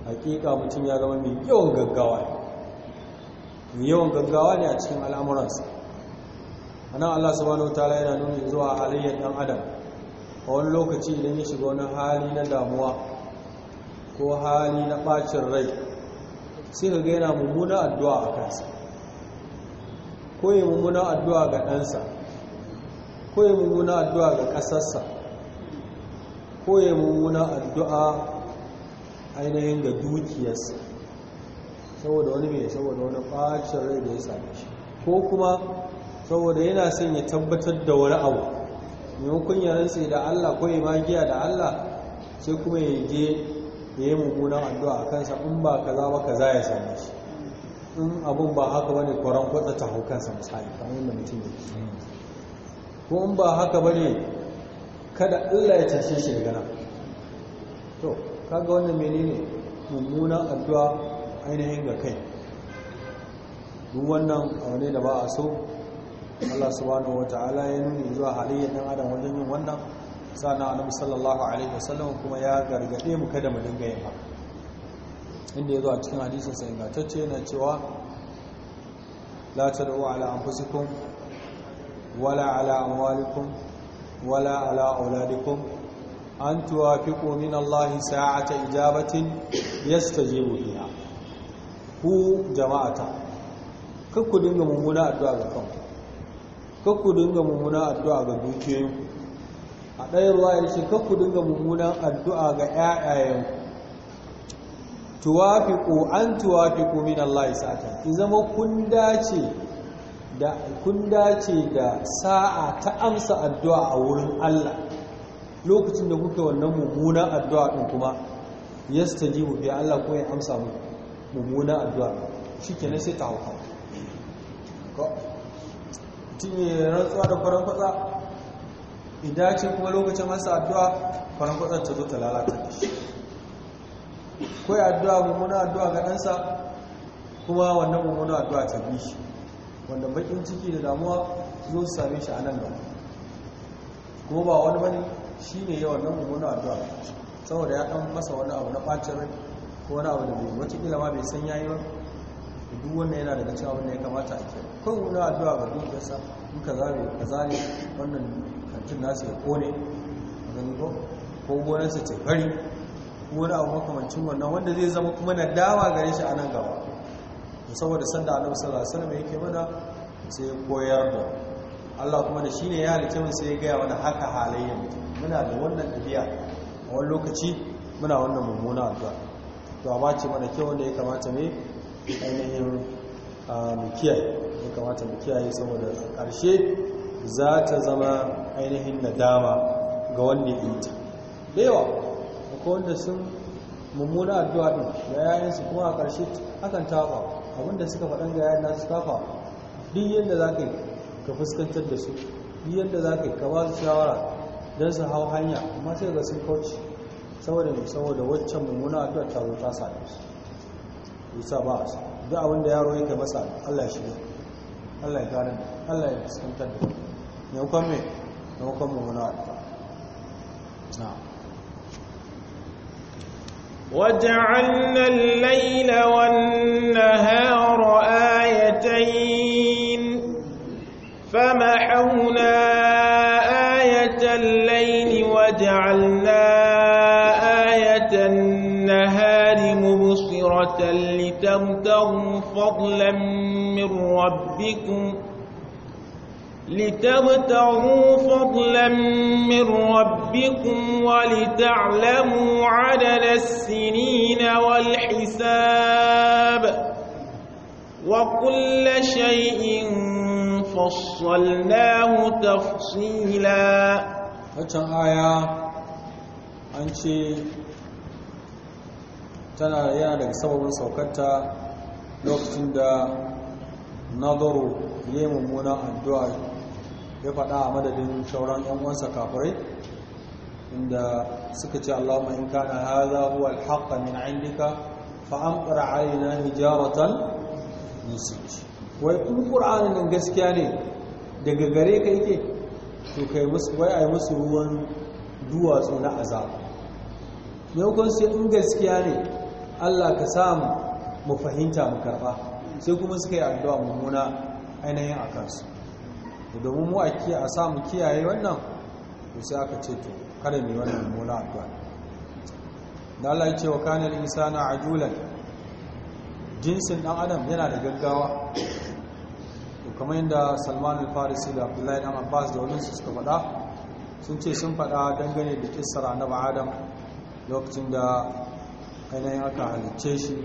hakika mutum ya zama mai yawan gaggawa mai yawan gaggawa ne a cikin al'amuransa nan, Allah subhanahu wataala yana nuna zuwa halayyar ɗan adam a wani lokaci idan ya shiga wani hali na damuwa ko hali na ɓacin rai sai ka ga yana mummuna addu'a a kansa ko yi mummuna addu'a ga ɗansa Koyi mummuna addu'a ga ƙasarsa koyi mummuna addu'a ainihin ga dukiyarsa saboda wani mai saboda wani ɓacin rai da ya same shi ko kuma saboda yana son ya tabbatar da wani abu maimakon yaren sai da allah koyi magiya da allah sai kuma ya je ya yi mummuna addu'a a kansa in ba kaza ba kaza ya same shi in abun ba haka wani kwaron kwatsa ta hau kansa misali kamar yadda mutum yake ko in ba haka ba ne kada allah ya cece shi daga nan to kaga wannan menene mummunan addu'a ainihin ga kai duk wannan abu ne da ba a so Allah subhanahu wata'ala ya nuni zuwa halayyar ɗan adam wajen yin wannan a annabi sallallahu alaihi wasallam kuma ya gargaɗe mu kada mu dinga yin haka inda ya zo a cikin hadisin sa ingantacce yana cewa la tad'u ala fusikun Wala Wala ولا على أموالكم ولا على أولادكم أن توافقوا من الله ساعة إجابة يستجيب فيها ku jama'ata kakku dinga mummuna addu'a ga kanku kakku dinga mummuna addu'a ga dukiyoyinku a ɗayan ruwa ya ce kakku dinga mummunan addu'a ga ‘ya'yayenku ko, an tuwafiƙo min Allah ya sata ki zama kun dace da kun dace da sa'a ta amsa addu'a a wurin Allah lokacin da kuke wannan mummunan addu'a ɗin kuma ya staji mu biya Allah ko ya amsa mu mummunan addu'a shi kenan sai ta hauka tun yi rantsuwa da kwarankwatsa, kwatsa idan ce kuma lokacin masa addu'a kwaran kwatsa ta zo ta lalata da shi ko ya addu'a mummunan addu'a ga kuma wannan mummunan addu'a ta bi shi wanda bakin ciki da damuwa zo su same shi a nan gaba Ko ba wani bane shi ne yawan nan mummunan addu'a saboda ya ɗan masa wani abu na ɓacin rai ko wani abu da bai wata kila ma bai san yayi ba duk wannan yana daga cikin abin da ya kamata a kira kawai mummunan addu'a ga dukiyarsa in ka zame ka wannan kantin nasu ya kone gani ko ko gonarsa ce fari ko wani abu makamancin wannan wanda zai zama kuma na dawa gare shi a nan gaba saboda sanda annabi sallallahu alaihi wasallam yake mana sai ya koyar da Allah kuma da shine ya halice mu sai ya gaya mana haka halayya muna da wannan dabi'a a wani lokaci muna wannan mummuna addu'a to ba ce mana kyau wanda ya kamata ne ainihin mu ya kamata mu kiyaye saboda karshe za ta zama ainihin nadama ga wanda ya yi ta da yawa akwai wanda sun mummuna addu'a din da su kuma a karshe akan tafa abinda suka faɗin ga na nasu kafa duk yadda za ka yi ka fuskantar da su duk yadda za ka yi ka ba su shawara don su hau hanya amma sai ga sun kauci saboda mai saboda waccan mummuna addu'a ta zo ta same su yasa ba su duk abin da yaro yake masa Allah ya shiga Allah ya gane Allah ya fuskantar da ne kuma me ne kuma mummuna addu'a na'am وجعلنا الليل والنهار آيتين فمحونا آية الليل وجعلنا آية النهار مبصرة لتمتروا فضلا من ربكم لتبتغوا فضلا من ربكم ولتعلموا عدد السنين والحساب وكل شيء فصلناه تفصيلا waccan aya an ce tana yana daga sababin saukarta lokacin da nazaru ya yi mummunan addu'a ya faɗa a madadin shauran yan uwansa kafirai inda suka ce allah in kana hadha huwa al-haqq min 'indika fa amqir 'alaina hijaratan min wai kun qur'anin nan gaskiya ne daga gare ka yake to kai musu wai ai musu ruwan duwatsu na azab yau kun sai in gaskiya ne Allah ka samu mu fahimta mu karba sai kuma suka yi addu'a mummuna ainihin a kansu Da domin mu a samu kiyaye wannan to sai aka ce to kada mai wannan mola addu'a da Allah ya ce wa kana al-insana ajulan jinsin dan adam yana da gaggawa to kamar yadda Salman al-Farisi da Abdullahi ibn Abbas da wani su suka faɗa sun ce sun faɗa dangane da kissar annabi Adam lokacin da ainihin aka halicce shi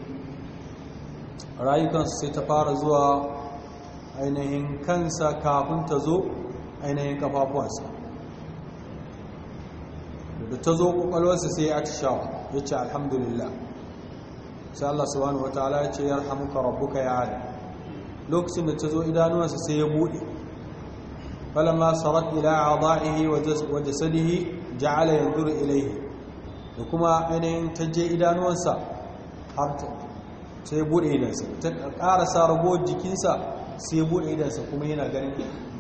rayukansu sai ta fara zuwa ainihin kansa kafin ta zo ainihin kafafuwansa da ta zo kwakwalwarsa sai ya ci shawa ya ce alhamdulillah sai Allah subhanahu wa ta'ala ya ce ya rahamuka rabbuka ya hada lokacin da ta zo idanuwansa sai ya buɗe falama sarat ila ada'ihi wa jasadihi ja'ala yanzuru ilayhi da kuma ainihin ta je idanuwansa har sai ya buɗe idansa ta ƙara sa jikinsa sai bude idansa kuma yana ganin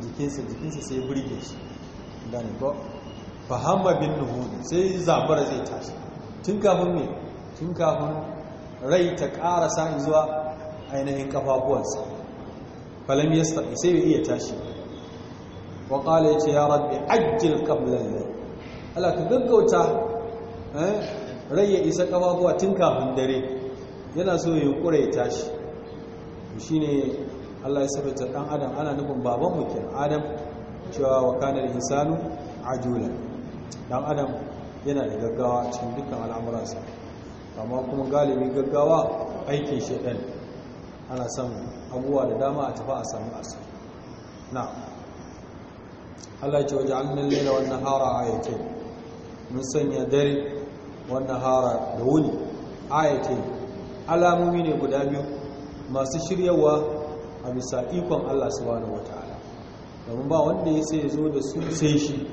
jikinsa jikinsa sai burge shi gane ba fahamma bin nuhudi sai zabara zai tashi tun kafin me tun kafin rai ta karasa zuwa ainihin kafafuwansa falam yastati sai bai iya tashi wa qala ce ya rabbi ajjil qabla al-layl Allah ka gaggauta eh, rai ya isa kafafuwa tun kafin dare yana so ya kure ya tashi shine Allah ya sabata dan adam ana nufin baban mu kenan adam cewa wa kana al-insanu ajula dan adam yana da gaggawa cikin dukkan al'amuransa amma kuma galibi gaggawa aikin shedan ana san abubuwa da dama a tafi a samu asu na Allah ce waje an nan wannan hara ayyace mun sanya dare wannan hara da wuni ayyace alamomi ne guda biyu masu shiryawa a bisa ikon Allah subhanahu wataala domin ba wanda ya sai zo da su sai shi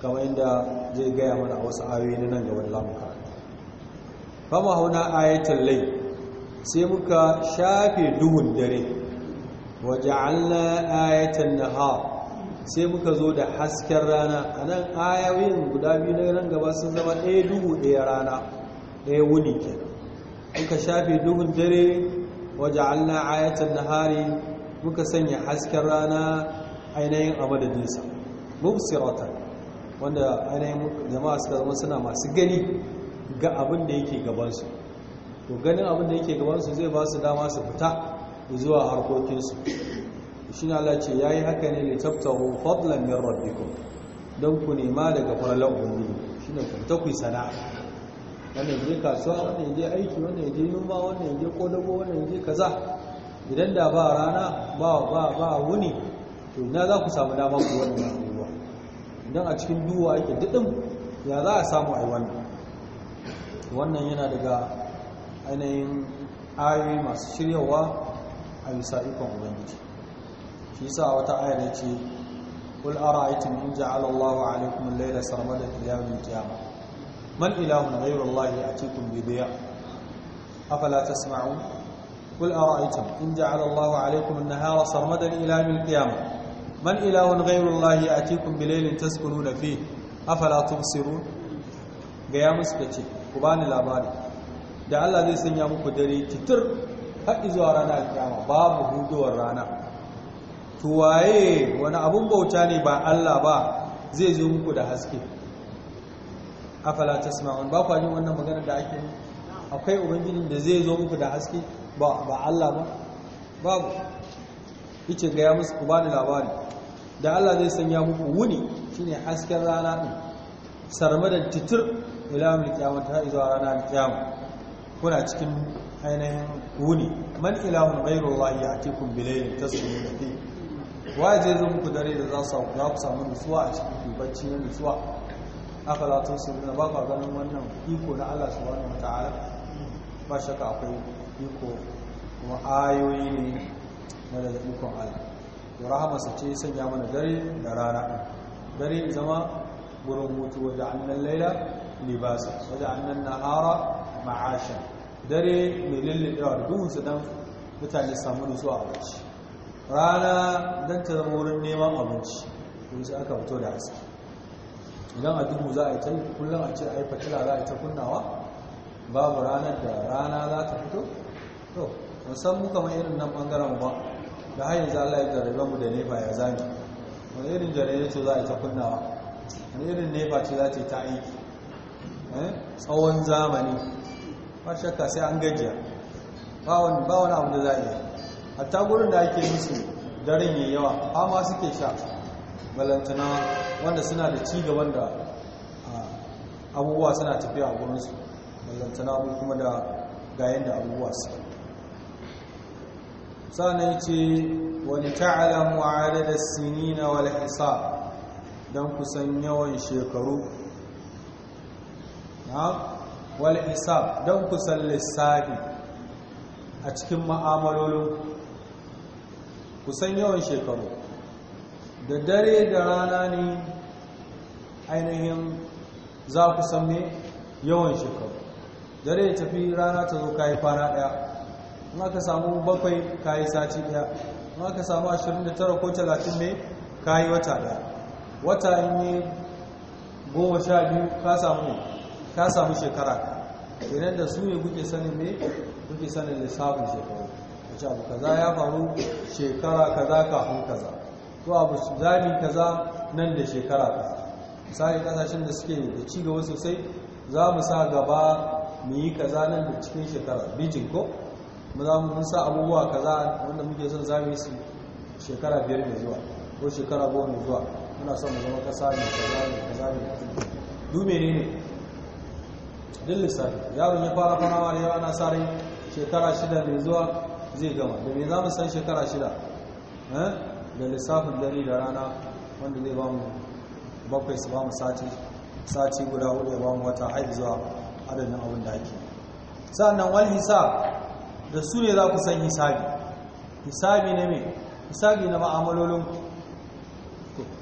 kama inda zai gaya mana a wasu ayoyi na nan gaban lamuka. fama hauna ayatun lai sai muka shafe duhun dare Waje waja'alna na nahar sai muka zo da hasken rana a nan ayoyin guda biyu na nan gaba sun zama ɗaya duhu ɗaya rana ɗaya wuni kenan muka shafe duhun dare waja'alna ayatan nahari muka sanya hasken rana ainihin a madadinsa mubsiratan wanda ainihin jama'a suka zama suna masu gani ga abin da yake gabansu to ganin abin da yake gabansu zai ba su dama su fita zuwa harkokinsu shi na Allah ce ya haka ne da tabtahu fadlan min rabbikum don ku nema daga farlan ubangiji shi ne ku ta ku sana'a wannan je kasuwa wannan je aiki wannan je yunwa wannan je kodago wannan je kaza idan da ba rana ba ba ba wuni to ina za ku samu dama ku wannan abubuwa idan a cikin duwa yake didin ya za a samu ai wannan wannan yana daga ainihin ayoyi masu shiryawa a bisa ikon ubangiji shi sa wata aya ne ce qul ara'aytum in ja'ala Allahu 'alaykum al-layla sarmadan ila yawm man ilahun ghairullahi atikum bi diya afala tasma'un qul ara'aytum in ja'ala Allahu 'alaykum an-nahara sarmadan ila yawm al-qiyamah man ilahun ghairullahi atikum bi laylin taskununa fihi afala gaya musu kace ku bani labari da Allah zai sanya muku dare titir har zuwa ranar kiyama babu huduwar rana to waye wani abun bauta ne ba Allah ba zai zo muku da haske afala tasma'un ba ku jin wannan magana da ake akwai ubangijin da zai zo muku da haske ba ba Allah ba babu yace ga ya musu ku bani labari da Allah zai sanya muku wuni shine hasken rana din da titir ilamun mulkiyama ta rana ranar kiyama kuna cikin ainihin wuni man ilahun ghairu Allah ya'tikum bilaylin tasma'un fi waje zo muku dare da za ku samu nutsuwa a cikin bacci na nutsuwa afala tusiruna ba ka ganin wannan iko na Allah subhanahu wataala ba shaka akwai iko kuma ayoyi ne na da ikon Allah to rahamarsa ce sanya mana dare da rana dare zama gurin hutu wajen annan laila libasa wajen annan nahara ma'asha dare mai lullubewa duhun su dan mutane samu da a abinci rana don ta zama wurin neman abinci wurin aka fito da haske idan a duhu za a yi ta kullum a ce a yi fatila za a yi ta kunnawa babu ranar da rana za ta fito to san muka ma irin nan bangaren ba da hanyar za Allah ya jarabe mu da nefa ya zani, wani irin janareto za a yi ta kunnawa wani irin nefa ce za ta yi ta aiki eh, tsawon zamani ba shakka sai an gajiya ba wani abu da za a yi hatta gurin da ake musu daren yayi yawa fama suke sha balantana wanda suna da ci gaban da abubuwa suna tafiya a gurinsu balantana mu kuma da gayen da abubuwa su yi ce wani da Sini na wal hisab don kusan yawan shekaru wal hisab don kusan lissafi a cikin ma'amalolin kusan yawan shekaru da dare da rana ne ainihin za ku san me yawan shekaru dare ya tafi rana ta zo kayi kwana daya in aka samu bakwai kayi sati daya in aka samu 29 ko 30 ne kayi wata daya wata in yi goma sha biyu ka samu ka samu shekara kenan da su ne kuke sanin me kuke sanin lissafin shekaru a ce abu kaza ya faru shekara kaza kafin kaza zuwa abu su zami kaza nan da shekara kaza misali kasashen da suke da ci gaba sosai za mu sa gaba mu yi kaza nan da cikin shekara bijin ko mu za mu sa abubuwa kaza wanda muke son za mu yi su shekara biyar mai zuwa ko shekara goma mai zuwa muna son mu zama kasa mai kaza mai kaza mai kaza du ne duk lissafi yaron ya fara farawa da yawa na sa rai shekara shida mai zuwa zai gama da me za mu san shekara shida eh? da lissafin dare da rana wanda zai ba mu bakwai su ba mu sati sati guda hudu ya ba mu wata har zuwa adadin abin da ake sa'annan wani hisa da su ne za ku san hisabi hisabi ne mai hisabi na ma'amalolin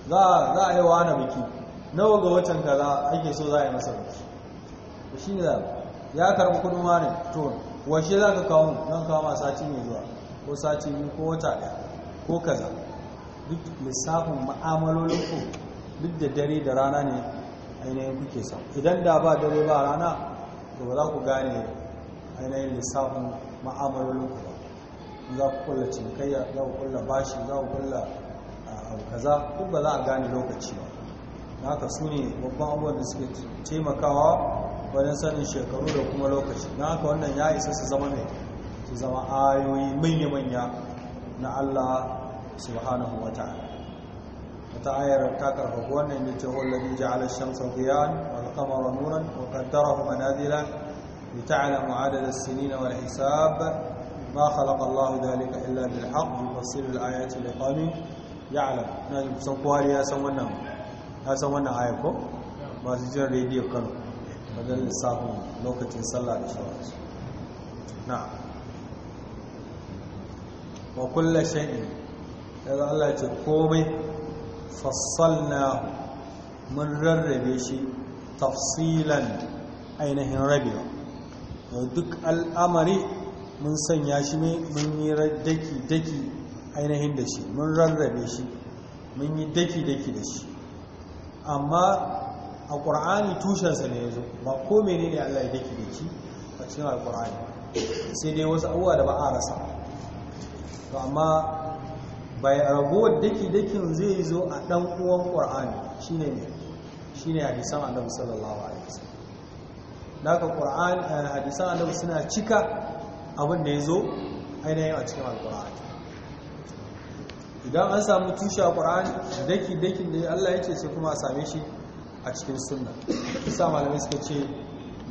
za a yi wa na biki nawa ga watan kaza ake so za a yi masa biki shi ne ya karbi kudin wani to washe za ka kawo nan kawo ma sati mai zuwa ko sati ko wata ɗaya ko kaza duk lissafin ma'amalolin ku duk da dare da rana ne ainihin kuke sa idan da ba dare ba rana to ba za ku gane ainihin lissafin ma'amalolin ku ba za ku kulla cinikayya za ku kulla bashi za ku kulla abu kaza duk ba za a gane lokaci ba na haka su ne babban abubuwan da suke taimakawa wajen sanin shekaru da kuma lokaci na haka wannan ya isa su zama mai su zama ayoyi manya-manya na Allah سبحانه وتعالى وتعاير الكاتر فقوان إن هو الذي جعل الشمس ضياء والقمر نورا وقدره منازلا لتعلم عدد السنين والحساب ما خلق الله ذلك إلا بالحق يفصل الآيات لقوم يعلم نجم سقوار يا سمنا يا سمنا آيكو ما زجر ريدي وكان بدل الساهم لوكة صلى الله عليه وسلم نعم وكل شيء daga Allah ce komai fassalna mun rarrabe shi tafsilan ainihin rabewa duk al'amari mun sanya shi mun yi daki-daki ainihin da shi mun rarrabe shi mun yi daki-daki da shi amma a ƙur'ani tushensa ne ya zo ba ko mene ne allah ya daki daki a cikin alƙur'ani sai dai wasu abuwa da ba a rasa ba. amma bai ragowar daki-dakin zai zo a ɗan uwan ƙwar'ani shi ne ne shi ne hadisan annabi sallallahu alaihi wasallam da aka ƙwar'ani eh, hadisan annabi suna cika abin da ya zo ainihin a cikin alƙwar'ani idan an samu tushe a ƙwar'ani daki-dakin da allah ya ce sai kuma a same shi a cikin sunna isa malamai suka ce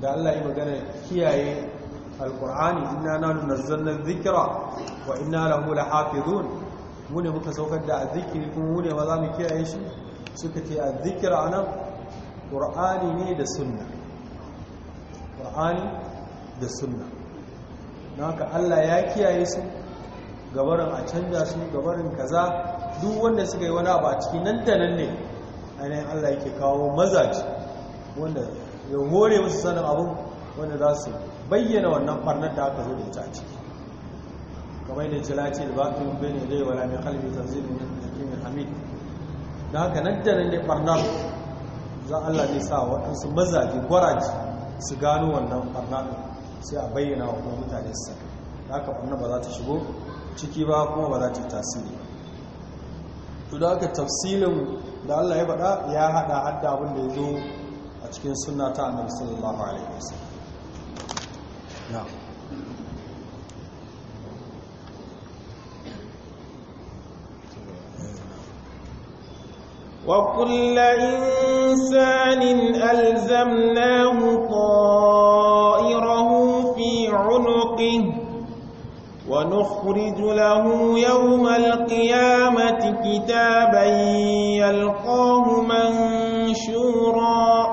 da allah ya magana kiyaye alƙwar'ani inna nuna zannan zikira wa inna lahu lahafizun mu ne muka saukar da zikiri kuma mu ne ma za mu kiyaye shi suka ce azzikir a nan ƙur'ani ne da sunna ƙur'ani da sunna na haka allah ya kiyaye su gabarin a canja su gabarin kaza duk wanda suka yi wani abu a ciki nan da nan ne ainihin allah yake kawo mazaji wanda ya hore musu sanin abin wanda za su bayyana wannan farnar da aka zo da ita ce kamar yadda da al-baqin bayna zai wala min qalbi tanzil min hakimin hamid da haka nan da ne barna za Allah ne sa waɗansu mazaje gwaraji su gano wannan barna sai a bayyana wa kuma mutane su da haka ba za ta shigo ciki ba kuma ba za ta tasiri to da haka tafsilin da Allah ya faɗa ya haɗa hadda abin da ya zo a cikin sunna ta annabi sallallahu alaihi wasallam na'am وكل إنسان ألزمناه طائره في عنقه ونخرج له يوم القيامة كتابا يلقاه منشورا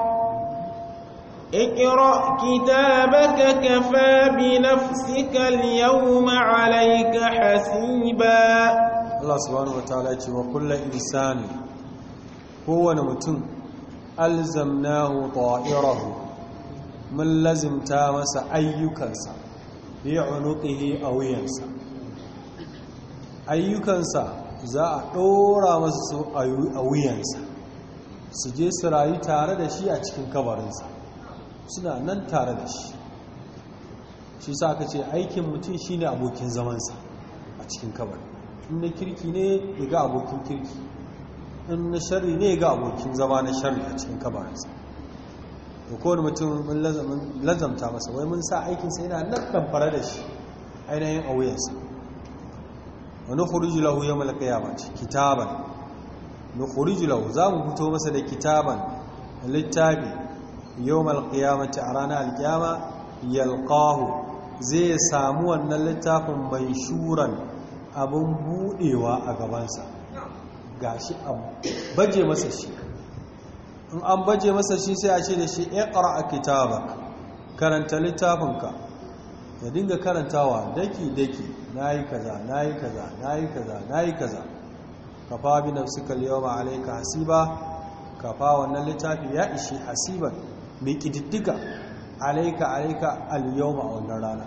اقرأ كتابك كفى بنفسك اليوم عليك حسيبا الله سبحانه وتعالى وكل إنسان kowane mutum alzamnahu ta'irahu mun lazimta masa ayyukansa bi unuqihi a wuyansa ayyukansa za a ɗora masa su a wuyansa su je su rayu tare da shi a cikin kabarinsa suna nan tare da shi shi sa aka ce aikin mutum shine abokin zamansa a cikin kabari inda kirki ne daga abokin kirki in na shari ne ga abokin zama na shari a cikin kabarinsa da kowane mutum mun lazamta masa wai mun sa aikinsa yana nan damfara da shi ainihin a wuyansa wani kuriji lahu ya malaka ya mace kitaban na kuriji lahu za mu fito masa da kitaban littafi yau malkiyamata a ranar alkiyama yalkahu zai samu wannan littafin mai shuran abin budewa a gabansa ga shi an baje masa shi in an baje masa shi sai a ce da shi a kitaba, karanta littafinka ya dinga karantawa daki daki na yi kaza yi kaza yi kaza yi kaza kafa bi nafsika al-yawma alayka hasiba kafa wannan littafi ya ishi hasiban mai kididdiga alaika alaika al-yawma a wannan rana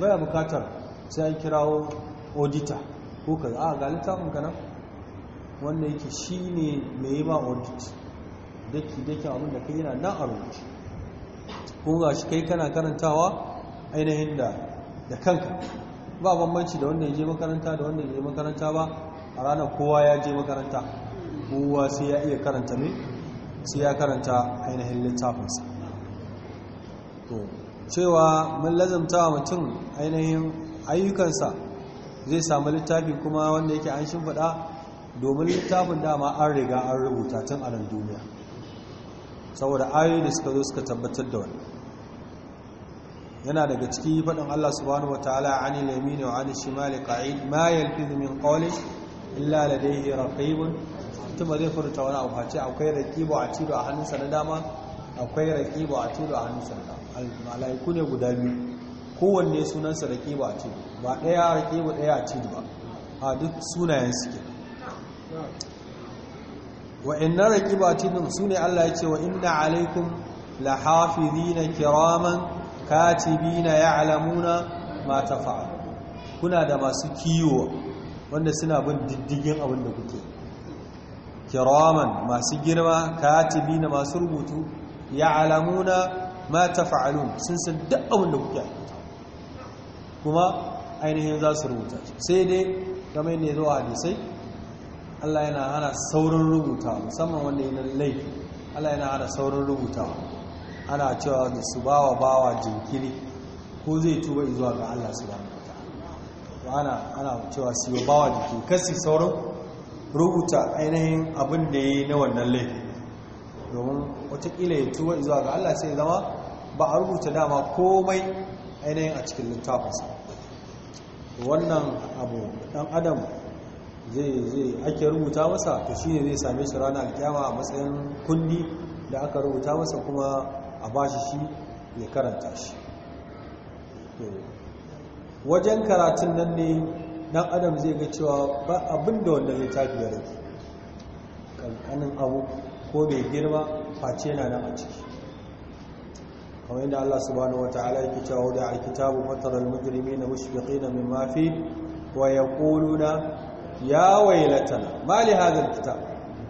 baya bukatar sai an kirawo auditor ko kaza a ah, ga littafin ka nan wanda yake shi ne mai yi ma audit daki-daki abin da kai yana nan a rubuce Ko ga shi kai kana karantawa ainihin da da kanka ba bambanci da wanda ya je makaranta da wanda ya je makaranta ba a ranar kowa ya je makaranta kowa sai ya iya karanta ne sai ya karanta ainihin littafinsa to cewa mun lazamta wa mutum ainihin ayyukansa zai samu littafi kuma wanda yake an shimfiɗa domin littafin dama an riga an rubuta tun a nan duniya saboda ayoyi da suka zo suka tabbatar da wani yana daga ciki faɗin Allah subhanahu wa ta'ala ani lamini wa ani shimali qa'id ma yalfizu min qawli illa yi raqibun mutum ba zai furta wani abu akwai raqibu a tilo a hannunsa na dama akwai raqibu a tilo a hannunsa na malaiku ne guda biyu kowanne sunansa raqibu a tilo ba ɗaya raqibu ɗaya a tilo ba a duk sunayen su ke. wa inna raqibatinum sune Allah ce wa inna alaikum lahafizina kiraman katibina ya'lamuna ma tafa'al kuna da masu kiwo wanda suna bin diddigin abin da kuke kiraman masu girma katibina masu rubutu ya'lamuna ma tafa'alun sun san duk abin da kuke kuma ainihin za su rubuta sai dai kamar ne zuwa hadisai Allah yana hana saurin rubuta musamman wanda yana laifi Allah yana hana saurin rubuta ana cewa da su bawa bawa jinkiri ko zai tuba zuwa ga Allah subhanahu wataala ana ana cewa su yi bawa jinkiri kasi saurin rubuta ainihin abin da ya yi na wannan laifi domin watakila ya tuba zuwa ga Allah sai zama ba a rubuta dama komai ainihin a cikin littafinsa wannan abu dan adam zai zai ake rubuta masa to shine zai same shi rana alkiyama a matsayin kundi da aka rubuta masa kuma a bashi shi ya karanta shi wajen karatun nan ne dan adam zai ga cewa ba abin da zai tafi da rage kankanin abu ko mai girma face na nan a ciki kamar yadda Allah subhanahu wataala yake cewa da alkitabu fatar almujrimina na mimma fi wa yaquluna ya wailatana ma li hadha alkitab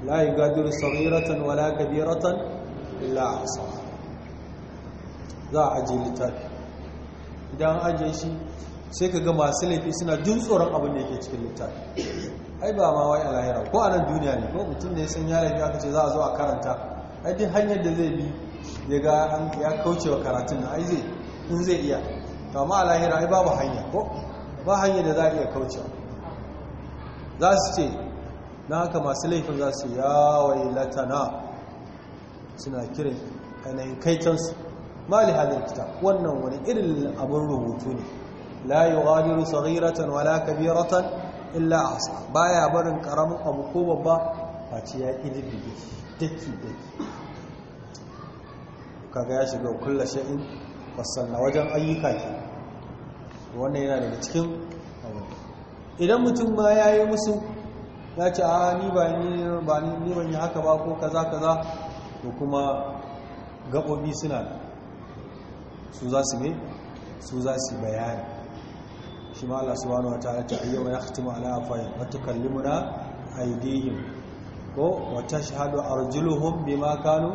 la yughadiru saghiratan wala kabiratan illa ahsa za a ajiye littafi idan ajiye shi sai ka ga masu laifi suna jin tsoron abin da yake cikin littafi ai ba ma wai a ko a nan duniya ne ko mutum ne sun ya laifi aka ce za a zo a karanta ai duk hanyar da zai bi ya ga ya kauce wa karatun na ai zai in zai iya to ma a lahira ai babu hanya ko ba hanya da za a iya kaucewa za su ce na haka masu laifin za su yawai latana suna kirin ainihin kaitansu mali halin kita. wannan wani irin abin rubutu ne la yi ghadiru saghiratan wala kabiratan illa asa ya barin karamin abu ko babba face ya kididdige daki daki kaga ya shiga kullu shay'in na wajen ayyuka ke wannan yana daga cikin idan mutum ma ya yi musu ya ce a ni ba ni ba ni ban yi haka ba ko kaza kaza ko kuma gaɓoɓi suna su za su ne su za su bayani shi ma Allah subhanahu wa ta'ala ta ayyama ya khatimu ala afwahi wa tukallimuna aydihim ko wa tashhadu arjuluhum bima kanu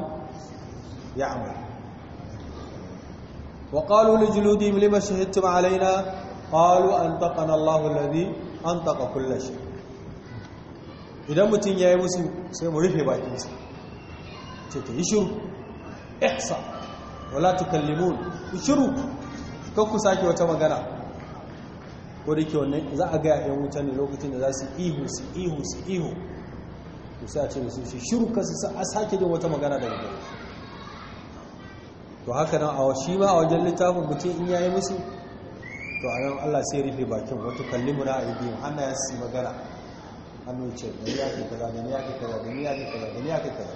ya'mal wa qalu li juludihim lima shahidtum alaina qalu antaqana Allahu alladhi antaqa kull shay idan mutum yayi musu sai mu rufe bakinsa ce yi shiru ihsa wala tukallimun ishiru kakku sake wata magana ko da ke wannan za a ga yan wuta ne lokacin da za su ihu su ihu su ihu to sa ce da su shi shiru kasu sa a sake jin wata magana daga gare to haka nan a shi ma a wajen littafin mutum in yayi musu to a ran Allah sai rufe bakin wata muna na ibi hannu ya su magana hannu ce da ni ake kaza da ni ake kaza da ni ake kaza da ni ake kaza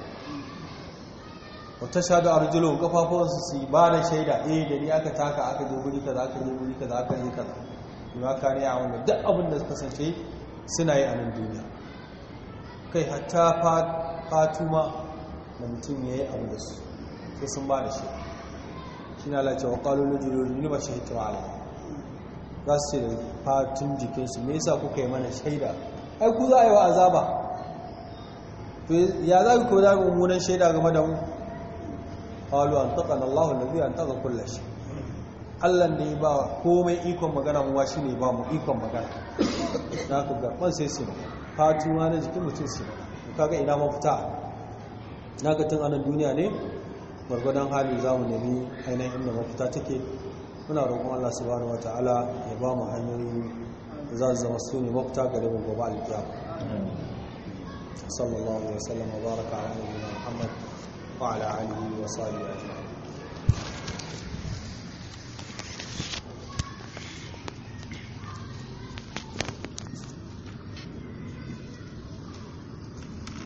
wata shaɗu a rujulun kafafuwansu su su ba da shaida eh da ni aka taka aka je guri kaza aka je guri kaza aka yi kaza bima ka ne a wanda duk abin da kasance suna yi a nan duniya kai hatta fatuma da mutum ya yi abu da su sai sun ba da shaida shi na lalacewa na jirgin ba shi hitima alaihi za su ce da fatun jikinsu me yasa kuka yi mana shaida ai ku za a yi wa azaba to ya za ku da mummunan shaida game da mu qalu an taqana Allahu alladhi an taqa kulla shi Allah ne ba komai ikon magana mu shi ne ba mu ikon magana na ku ga sai su fatun wani jikin mutum su kaga ina mafita na ga tun anan duniya ne gwargwadon hali za mu nemi ainihin inda mafita take muna roƙon Allah subhanahu wataala ya ba mu hanyoyi za su zama su ne mafita ga mu gaba alƙiya sallallahu alaihi wa sallam wa baraka ala nabiyyina muhammad wa ala alihi wa sahbihi ajma'in